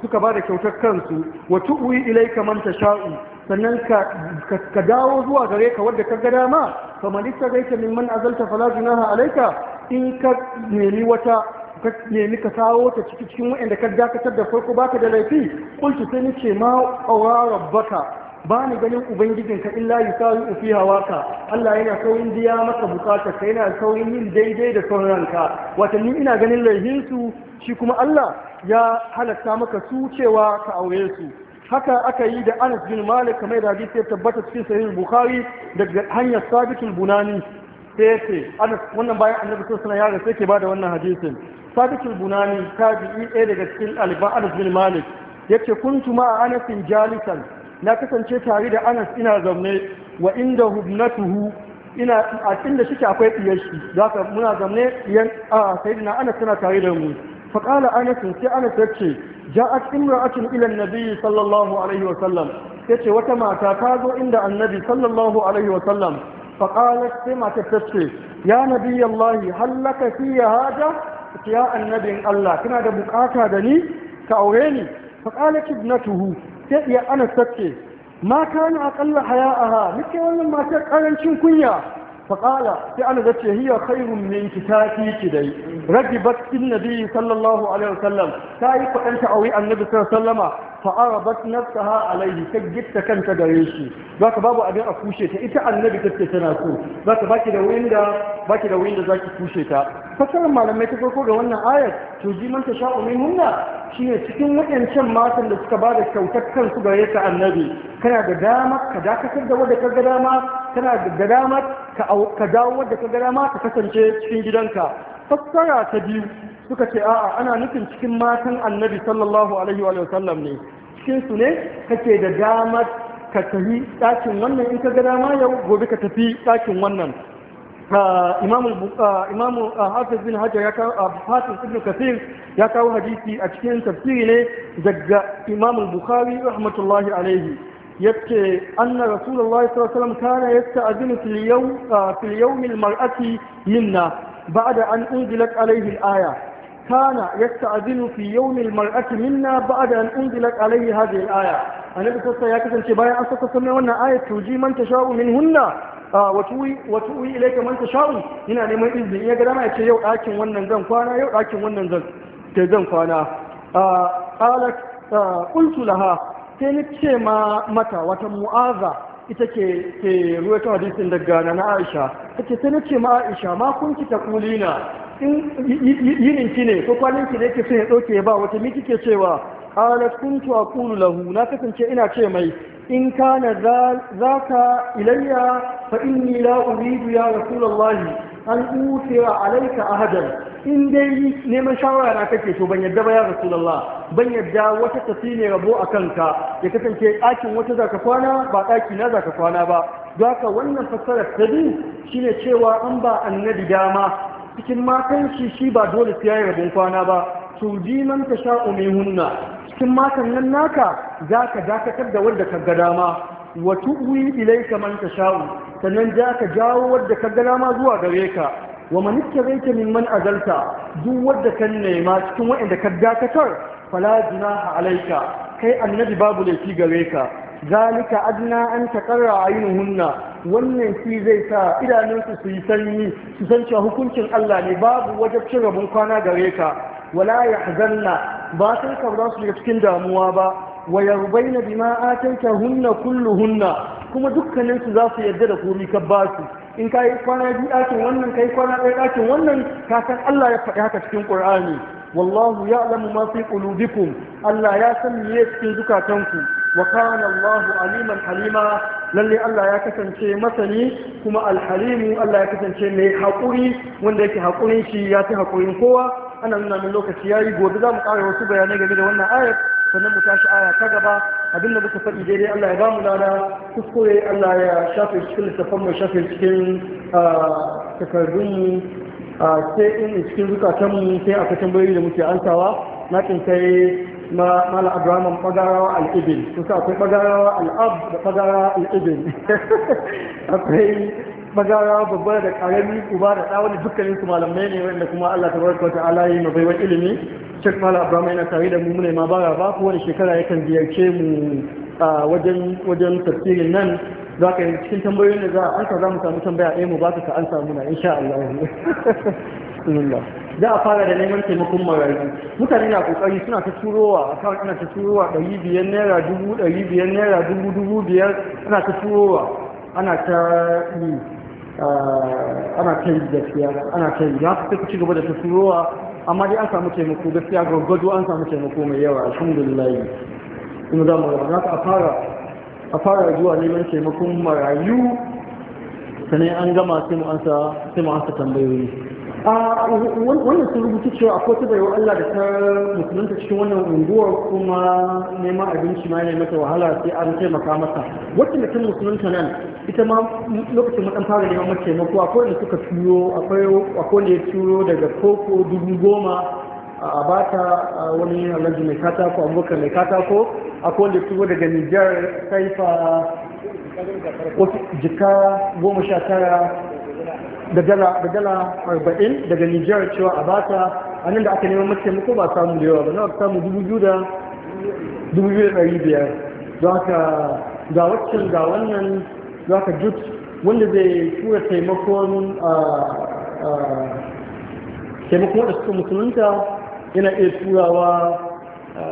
suka ba da kyautar kansu wa tu'wi ilayka man sannan ka dawo zuwa gare ka wanda ka ga dama fa man istaghayta azaltar azalta fala junaha alaika in ka nemi wata ka nemi ka kawo ta ciki cikin waɗanda ka dakatar da farko baka da laifi kultu sai nace ma aura rabbaka ba ni ganin ubangijin ka illa yi sawi ufi ka. Allah yana saurin biya maka bukatar ka yana sauyin yin daidai da wata watanni ina ganin laifinsu, shi kuma Allah ya halatta maka su cewa ka aure su haka aka yi da Anas bin Malik kamar da hadisi ya tabbata cikin sahih Bukhari daga hanyar Sabit bunani sai sai Anas wannan bayan Annabi sallallahu alaihi wasallam ya rasu ke bada wannan hadisin sabitul bunani tabi'i ɗaya daga cikin alban anas bin malik yace kuntu ma anasin jalisan na kasance tare da anas ina zaune wa inda hubnatuhu ina a inda shike akwai diyar shi zaka muna zaune yan a sayyidina anas tana tare da mu fa qala anas sai anas yace ja'at imra'atun ila an-nabi sallallahu alaihi wa sallam yace wata mata ta zo inda annabi sallallahu alaihi wa sallam fa qalat sai mata tace ya nabi allah hal laka fiya hada ya annabin Allah kana da bukata da ni ka aure ni fa na tuhu, sai iya ana sace ma kana aqalla haya'aha nake wannan sai karancin kunya faƙala sai ana zace hiya khairun min kitati kidai ragibat bin nabi sallallahu alaihi wasallam ta yi kwaɗan auri annabi sallallahu sallama fa arabat nafsaha alaihi ta gitta kanta gare shi zaka babu abin a kushe ta ita annabi take tana so zaka baki da winda da winda zaki kushe ta fasaran malamai ta farko ga wannan ayar to ji man tasha'u shine cikin waɗancan matan da suka ba da kansu gare ta annabi kana da dama ka dakatar da wanda ka ga dama kana da damar? ka dawo wadda ka gara ma ka kasance cikin gidanka fassara ta biyu suka ce a'a ana nufin cikin matan annabi sallallahu alaihi wa sallam ne cikin su ne kake da damar ka tafi ɗakin wannan in ka ga dama yau gobe ka tafi ɗakin wannan imamu hafiz bin hajar ya kawo hafiz ibn kasir ya kawo hadisi a cikin tafsiri ne daga imamu bukhari rahmatullahi alaihi yace anna rasulullahi sallallahu alaihi wasallam kana yasta'dinu fil yawm fil yawm al mar'ati minna ba'da an unzilat alayhi al aya kana yasta'dinu fi yawm al mar'ati minna ba'da an unzilat alayhi hadhihi al aya annabi sallallahu ya kasance bayan an saka sunan wannan ayat tuji man tasha'u minhunna wa tuwi ilaika man tasha'u yana neman izini ya ga dama ya ce yau dakin wannan zan kwana yau dakin wannan zan zan kwana qalat qultu laha sai ni ce ma mata wata mu'aza ita ke ke ta hadisin daga na Aisha take sai ni ce ma Aisha ma kun ki ta kulina in yinin ki ne ko kwalin ki ne ke so ya dauke ba wata miki ke cewa qalat kuntu aqulu lahu na kasance ina ce mai in kana zaka ilayya fa inni la uridu ya rasulullahi an utira alayka ahadan in dai neman shawara na kake so ban yadda ba ya rasulullah ban yadda wata tafi ne rabo a kanka ya kasance ɗakin wata ka kwana ba ɗaki na ka kwana ba ka wannan fassarar ta biyu shine cewa an ba annabi dama cikin matan shi shi ba dole sai yayi rabon kwana ba to ji man ta sha'u hunna cikin matan nan naka za ka dakatar da wadda ka ga dama wa tuwi ilaika man tasha'u sannan za ka jawo wanda ka ga dama zuwa gare ka wa man ittabaita man azalta duk wadda ka nema cikin waɗanda ka dakatar fala junaha alaika kai annabi babu laifi gare ka zalika adna an taqarra aynuhunna wannan shi zai sa idanunsu su yi sanyi su san cewa hukuncin Allah ne babu wajen rabon kwana gare ka wala yahzanna ba sai ka za su daga cikin damuwa ba wa na bima ataita hunna hunna. kuma dukkanin su za su yarda da komai ka ba su in kai kwana biyu ɗakin wannan kai kwana ɗaya ɗakin wannan ka san Allah ya faɗi haka cikin Ƙur'ani. wallahu ya'lamu ma fi qulubikum Allah ya san me cikin zukatanku wa kana Allahu aliman halima lalle Allah ya kasance masani kuma alhalimu Allah ya kasance mai haƙuri wanda yake haƙurin shi ya fi haƙurin kowa ana nuna min lokaci yayi gobe za mu ƙara wasu bayanai game da wannan ayat sannan mu tashi aya ta gaba abin da muka faɗi daidai Allah ya ba mu lada kuskure Allah ya shafe cikin littafin mu shafe cikin ah, takardun mu ah, sai in cikin zukatan mu sai aka tambayoyi da muke antawa na kai ma mala abraman bagarawa al-ibn kusa akwai bagarawa al'ab da bagarawa al-ibn akwai magara babba da karami uba da ɗa wani dukkanin su malamai ne wanda kuma Allah ta baraka wata ala yi mabaiwar ilimi Sheikh Malam Abraham yana tare da mu mune ma bara ba ko wani shekara yakan ziyarce mu a wajen wajen tafsirin nan za ka yi cikin tambayoyin da za a ansa za mu samu tambaya a eh, mu ba ka ansa muna insha Allah. za a fara da neman taimakon marayu mutane na kokari suna ta turowa kawai ana ta turowa ɗari biyar naira dubu ɗari biyar naira dubu dubu biyar ana ta turowa ana ta yi ana kai gaskiya ana kai ya su suka ci gaba da tafiyowa amma dai an samu taimako gaskiya gudu an samu taimako mai yawa alhamdulillah kuma za mu gaba a fara a fara zuwa neman taimakon marayu sannan an gama sai mu sai mu ansa tambayoyi wannan sun rubuta cewa akwai ta bayan Allah da ta musulunta cikin wannan unguwar kuma neman abinci ma yana mata wahala sai an taimaka masa, wacce da musulunta nan ita ma lokacin matan fara neman mace mako akwai da suka turo akwai wanda ya turo daga koko dubu goma a bata wani alhaji mai katako abubakar mai katako akwai wanda ya turo daga nijar saifa wasu jika goma sha tara da dala da dala arba'in daga nijar cewa a bata a nan da aka neman mace muku ba samu da yawa ba ba samu dubu biyu da dubu biyu da ɗari biyar don haka ga waccan ga wannan don haka jut wanda zai tura taimakon taimakon wadda suka musulunta yana iya turawa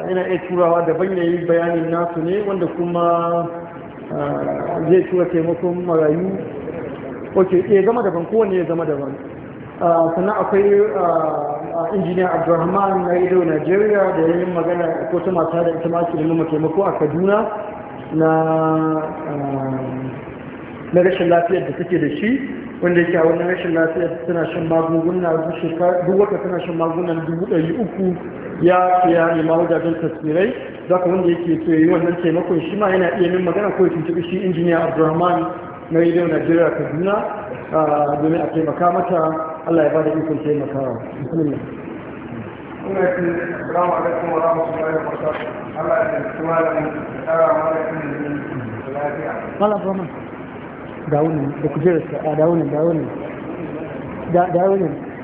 yana iya turawa da ya yi bayanin nasu ne wanda kuma zai tura taimakon marayu ok ya zama daban kowanne ya zama daban ah, sannan akwai ah, ah, injiniya abdulrahman na ido nigeria da ya yi magana ko ta mata da ita masu da nuna taimako a kaduna na rashin lafiyar da take da shi wanda yake a wannan rashin lafiyar suna shan magunguna duk wata suna shan magungunan dubu ɗari uku ya fiya nema wajajen tasirai za ka wanda yake so yi wannan taimakon shi ma yana iya yin magana ko ya tuntuɓi shi injiniya abdulrahman na rediyo najeriya kaduna domin a taimaka mata allah ya ba da ikon taimakawa bismillah kuma wa wa allah ya da tsara da lafiya Allah da da da wunin, da wunin, da wunin,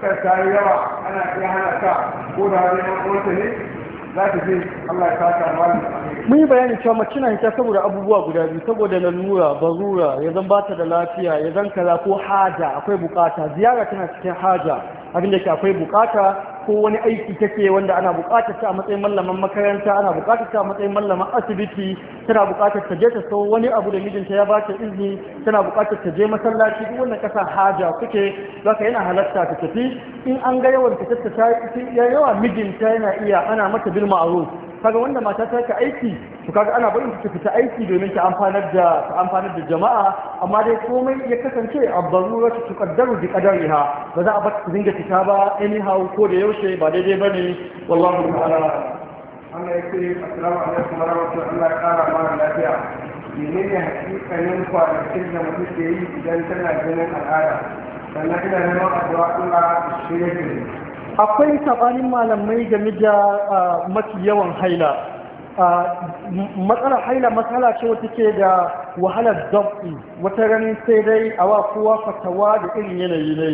ta yi yawa ana iya hana ta ko da ne za je Allah ya saka mun yi bayani cewa mace na hita saboda abubuwa guda biyu saboda lalura barura ya zan ta da lafiya ya zan kaza ko haja akwai bukata ziyara tana cikin haja abin da ke akwai bukata ko wani aiki take wanda ana bukatar ta a matsayin mallaman makaranta ana bukatar ta a matsayin mallaman asibiti tana bukatar ta je ta so wani abu da mijinta ya bata izini tana bukatar ta je masallaci duk wannan kasa haja kuke zaka yana halatta ta tafi in an ga yawan ta ta yawa mijinta yana iya ana mata bil ma'ruf kaga wanda mata ta ka aiki to kaga ana barin ta fita aiki domin ta amfanar da ki amfanar da jama'a amma dai komai ya kasance a barura ta tukaddaru bi qadariha ba za a bar su dinga fita ba anyhow ko da yaushe ba daidai bane wallahi ta'ala Allah ya ce assalamu alaikum wa rahmatullahi Allah ya kara mana lafiya menene hakikanin kwanakin da mutum ke yi idan tana ganin al'ada sannan ina neman addu'a Allah ya shirye akwai sabanin malamai game da mafi yawan haila matsalar haila matsala ce wata ke da wahalar zafi wata ran sai dai a wa kowa fatawa da irin yanayi ne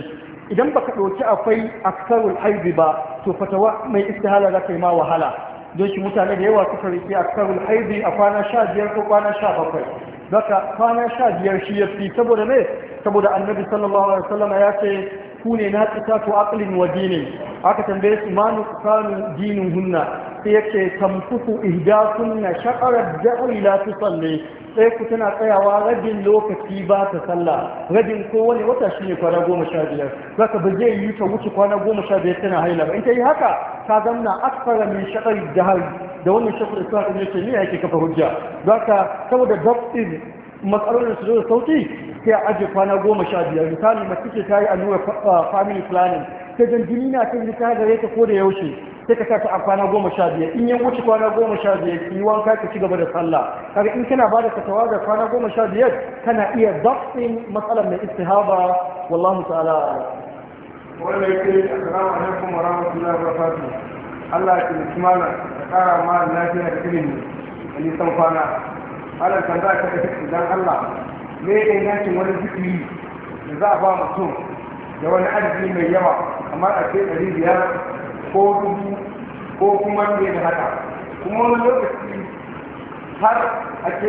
idan baka ɗauki akwai aksarul haibi ba to fatawa mai istihala za ka yi ma wahala don shi mutane da yawa suka rike aksarul haibi a kwana sha biyar ko kwana sha bakwai zaka kwana sha biyar shi ya fi saboda ne saboda annabi sallallahu alaihi wasallam ya ce ku ne na tsita su aƙalin wa dinin aka tambaye su manu kanu dinin hunna sai yace tamfuku ihdasunna shaqara da'u su tusalli sai ku tana tsayawa rabin lokaci ba ta sallah rabin kowane wata shine kwana goma sha biyar zaka ba zai yi ta wuce kwana goma sha biyar tana haila ba in ta yi haka ta zamna asfara min wani dahar da wannan shakul islam ne ya yake kafa hujja zaka saboda dabtin matsalolin su zo da sauki sai a ajiye kwana goma sha biyar misali mace ce ta yi allurar ah, family planning sai dan jini na kan ta gare ta ko da yaushe sai ka sa ta a kwana goma sha biyar in yan wuce kwana goma sha biyar ki wanka ka ci gaba da sallah kaga in kana ba da fatawa ga kwana goma sha biyar kana iya dabtin matsalar mai istihaba wallahu ta'ala wanda yake assalamu alaikum wa rahmatullahi wa barakatuh Allah ya kira kimana da kara ma lafiya da ilimi da nisan kwana ana tambaya ta da dan Allah me ne nakin wani zikiri da za a ba mutum da wani arziki mai yawa kamar a ce ɗari biyar ko dubu ko kuma fiye da haka kuma wani lokaci har ake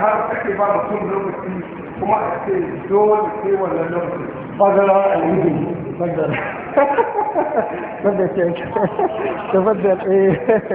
har ake ba mutum lokaci kuma a ce dole sai wannan lokaci fadala a yi fadala ce ta fadala eh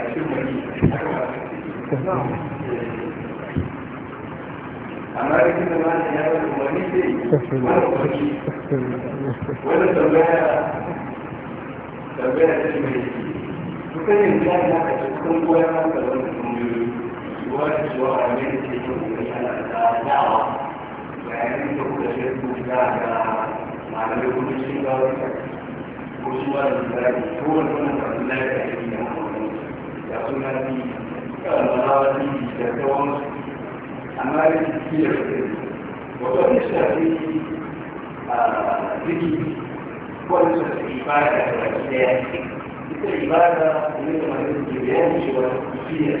amma da kuma mana ya wani wani ce wani wani wani tambaya tambaya ta shi mai kuka yin ya yi haka cikin koya masa wani tambayoyi shiwa da shiwa a mai ke yi wani ana da dawa bayan da kuma shi su da ga malamai kuma shi ga wani ko shiwa da misali ko wani ta kamar lafiya da ke yi da sunanci kan manawati da tsawon amma da ciki da kudin wato wani shafi a jiki ko wani shafi ibada da baki daya ita ibada ne da masu ke bayani shi wata kufiya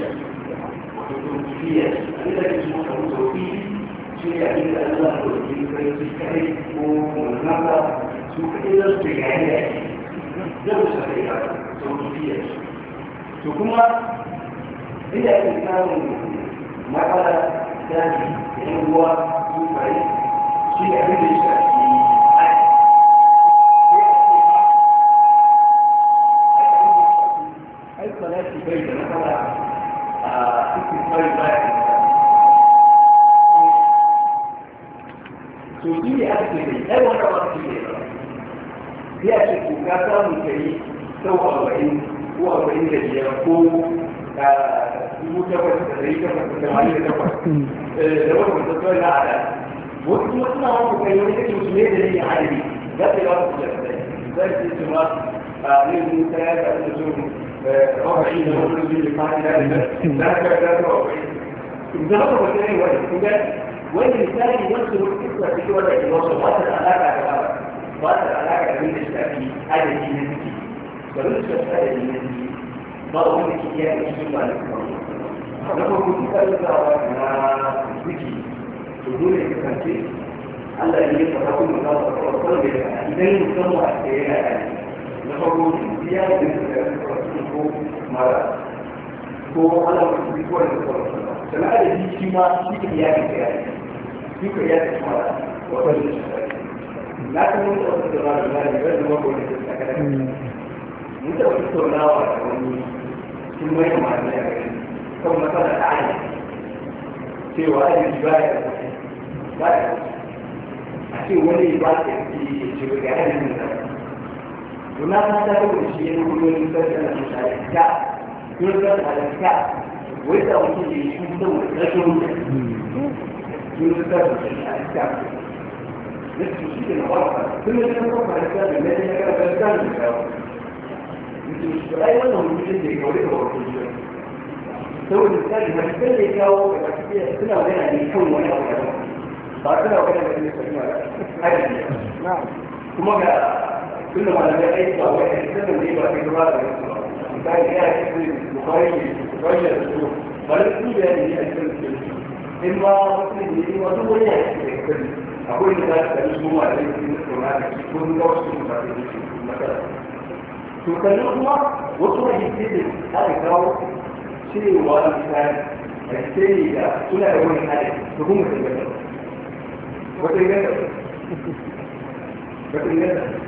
wato kufiya ne da ke shi wata kufi shi ne a cikin Allah da ke kai su kai ko wannan ba su kai da su ke gani da shi zai shafi ibada sau kufiya to kuma inda ake samun matsala ta ruwa su fari وين الثاني في شغل الوصف وقت العلاقه بالغرض بين الشافعي هذا الجنسي فلوس الشافعي الجنسي برضه من الكتاب يشتغل على لما كنت أتذكر أنا ذكي تقول لي كنتي ألا يجب أن تكون مدرسة وصل بها ko ana mutum ko da ko sana da shi shi ma shi ke ya ke ya shi ke ya ke kuma wata da shi na ta mun da wata da ba da ne ba da ba ko da ta kada mun da wata to na wa da wani shi mai ma da ya ke kan masala da ai cewa ai ba ya ba ya a ce wani ba ta yi ce ga ya ne na ta ta ko shi ne kuma ne sai da shi ta sun ga halitta wai da mutum da shi saboda rashin mutum sun ga halitta نفسه شيء الغرفة كل اللي نقف على الكلام الذي كان في الكلام مش أي ولا هو مش اللي يقوله هو سوى الإنسان ما كل اللي كاو كنا وين اللي يكون وين وين بعدنا وين اللي يسمع هذا نعم ثم كل ما لم يعيش أو يحسن اللي يبغى يقرأ بعد كده هتكتب بخاري بخاري الدكتور فلا تقول يعني ايه الكلمه اما مثل دي وتقول لي اقول لك ده الاسبوع اللي بنذكر معاك كل درس مثلا تكلمها وتروح يبتدي هذا كاو شيء ولا مثال الشيء ده كلها اول حاجه تقوم بالبلد وتنجح وتنجح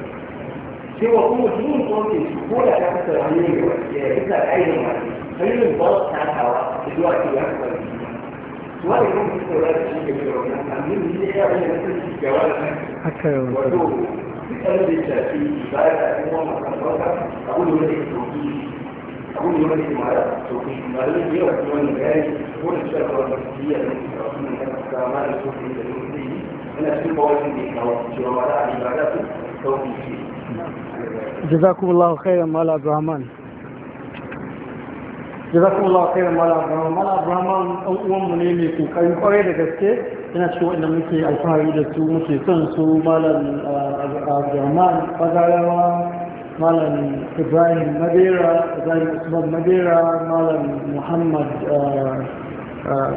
سوى كل جنون قلت ولا كانت تعمليه يبقى العين معلومة خلينا البلاط بتاعها دلوقتي أكبر سؤال يكون في السؤال الشيء كبير عاملين دي حاجة مثل الجوال حتى يوم ودوه الأمر الشافي بعد أمور مصنفاتها أقول له ملك التوكيل أقول له ملك المعارضة التوكيل معلومة دي وكمان المجال كل الشيء الرابط هي من الأعمال التوكيل التوكيل أنا أشتري بواسم دي كواسم جوامعات عباداته توكيل jazakumullahu khairan mala abdurrahman jazakumullahu khairan mala abdurrahman mala abdurrahman dan uwan mu ne mai kokari kwarai da gaske yana cikin wanda muke alfahari da su muke son su malam ah, abdurrahman bazarawa malam ibrahim madera ibrahim usman madera malam muhammad ah, ah,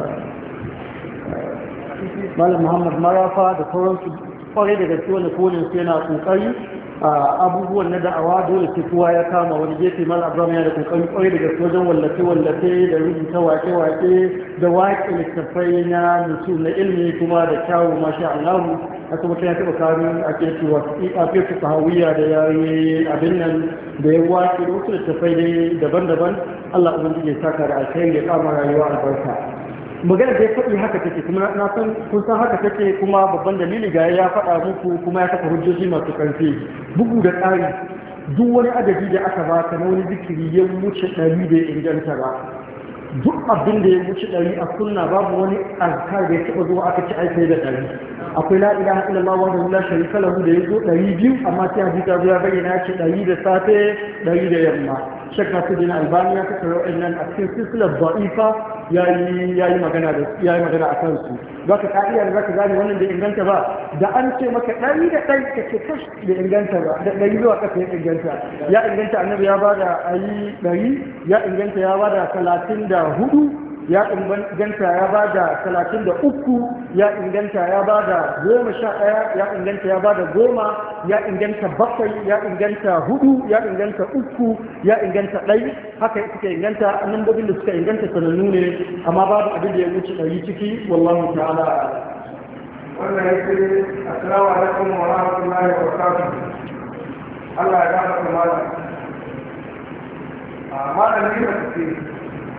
malam muhammad marafa da sauransu kwarai da gaske wanda kowane su yana kokari abubuwan na da'awa dole sai kuwa ya kama wani gefe mal abram ya da kokarin kwarai daga sojan wallafe wallafe da rubuta wake wake da wake littafai na nutsu na ilmi kuma da kyawu masha Allah a kuma ta taba kawo a ke cewa a ke su sahawiya da ya yi abin nan da ya wake da wasu littafai daban-daban Allah ubangiji ya saka da alkhairi ya kama rayuwa albarka magana da ya faɗi haka take kuma na san kun san haka take kuma babban dalili ga ya faɗa muku kuma ya saka hujjoji masu ƙarfi bugu da tsari duk wani adadi da aka baka na wani zikiri ya wuce ɗari da ya inganta ba duk abin da ya wuce ɗari a sunna babu wani azkar da ya taɓa zuwa aka ci aiki da ɗari akwai la ilaha illallah wa la sharika lahu da ya zo ɗari biyu amma sai hadisi ya bayyana ya ce ɗari da safe ɗari da yamma shakka su albani ya kaka wa'annan a cikin silsilar ba'ifa ya yi magana da a kansu za ka ka'iyar za ka gane wannan da inganta ba da an ce maka ɗari da ɗari ka ce kash da inganta ba da ɗari zuwa ƙasa ya inganta ya inganta annabi ya ba da ayi ɗari ya inganta ya ba da talatin da hudu ya inganta ya ba da talatin da uku ya inganta ya ba da goma sha ɗaya ya inganta ya ba da goma ya inganta bakwai ya inganta hudu ya inganta uku ya inganta ɗai haka suka inganta annabobin da suka inganta sanannu ne amma babu abin da ya wuce ɗari ciki wallahu ta'ala wannan ya ce assalamu alaikum wa rahmatullahi wa barakatuh Allah ya gafarta malam ah, malam ne da ce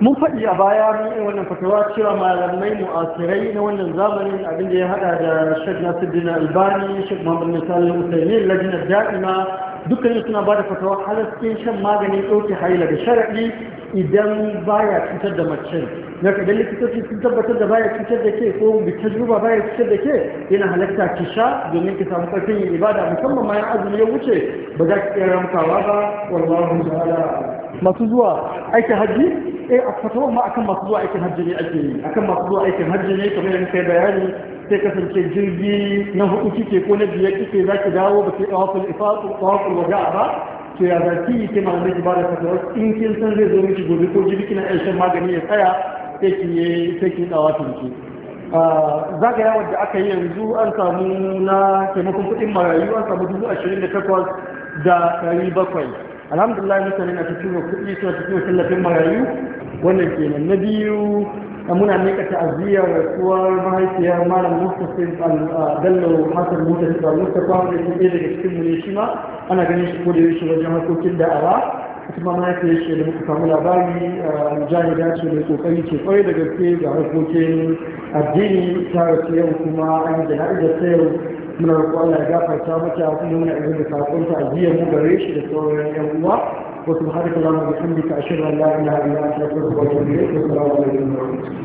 mun faɗi a baya mun yi wannan fatawa cewa malamai mu'asirai na wannan zamanin abinda ya hada da Sheikh Nasiruddin Albani Sheikh Muhammad Nasir Al-Utsaimin lajinar da'ima dukkanin suna ba da fatawa halaskin shan maganin ɗauke haila da sharaɗi idan baya cutar da mace na kadan likitoci sun tabbatar da baya cutar da ke ko bi tajruba baya cutar da ke yana halatta ki sha domin ki samu karfin yin ibada musamman ma yan azumi ya wuce ba za ki iya ramkawa ba wallahu ta'ala masu zuwa aikin hajji eh a fatawar ma akan masu zuwa aikin hajji ne ake yi akan masu zuwa aikin hajji ne kamar yadda kai bayani sai kasance jirgi na hudu kike ko na biyar kike za ki dawo ba ki tawaful ifatu tawaful wada'a ba to ya za ki yi ma wani ba da fatawar in kin san zai zo miki gobe ko jirgi na ƴan shan magani ya tsaya sai ki yi sai ki tawaful ki yawon da aka yi yanzu an samu na taimakon kuɗin marayu an samu dubu ashirin da takwas da ɗari bakwai alhamdulillah mutane na cikin kuɗi suna cikin tallafin marayu wannan kenan na biyu muna mika ta'aziyar rasuwar mahaifiyar malam mustafin bello hassan mutafin mustafa da ke daga cikin mu ne shi ma ana ganin shi ko da yaushe wajen harkokin da'awa kuma na ke shi da muka samu labari a jami'a ce da kokari ce kwarai da gaske ga harkokin addini ta rasu yau kuma an yi jana'i da sayar muna da Allah ya gafarta mata kuma muna irin da sakon ta ajiyar mu gare shi da sauran yan uwa wasu subhanaka allahumma wa bihamdika ashhadu an la ilaha illa anta astaghfiruka wa atubu ilayk wa assalamu alaikum wa rahmatullahi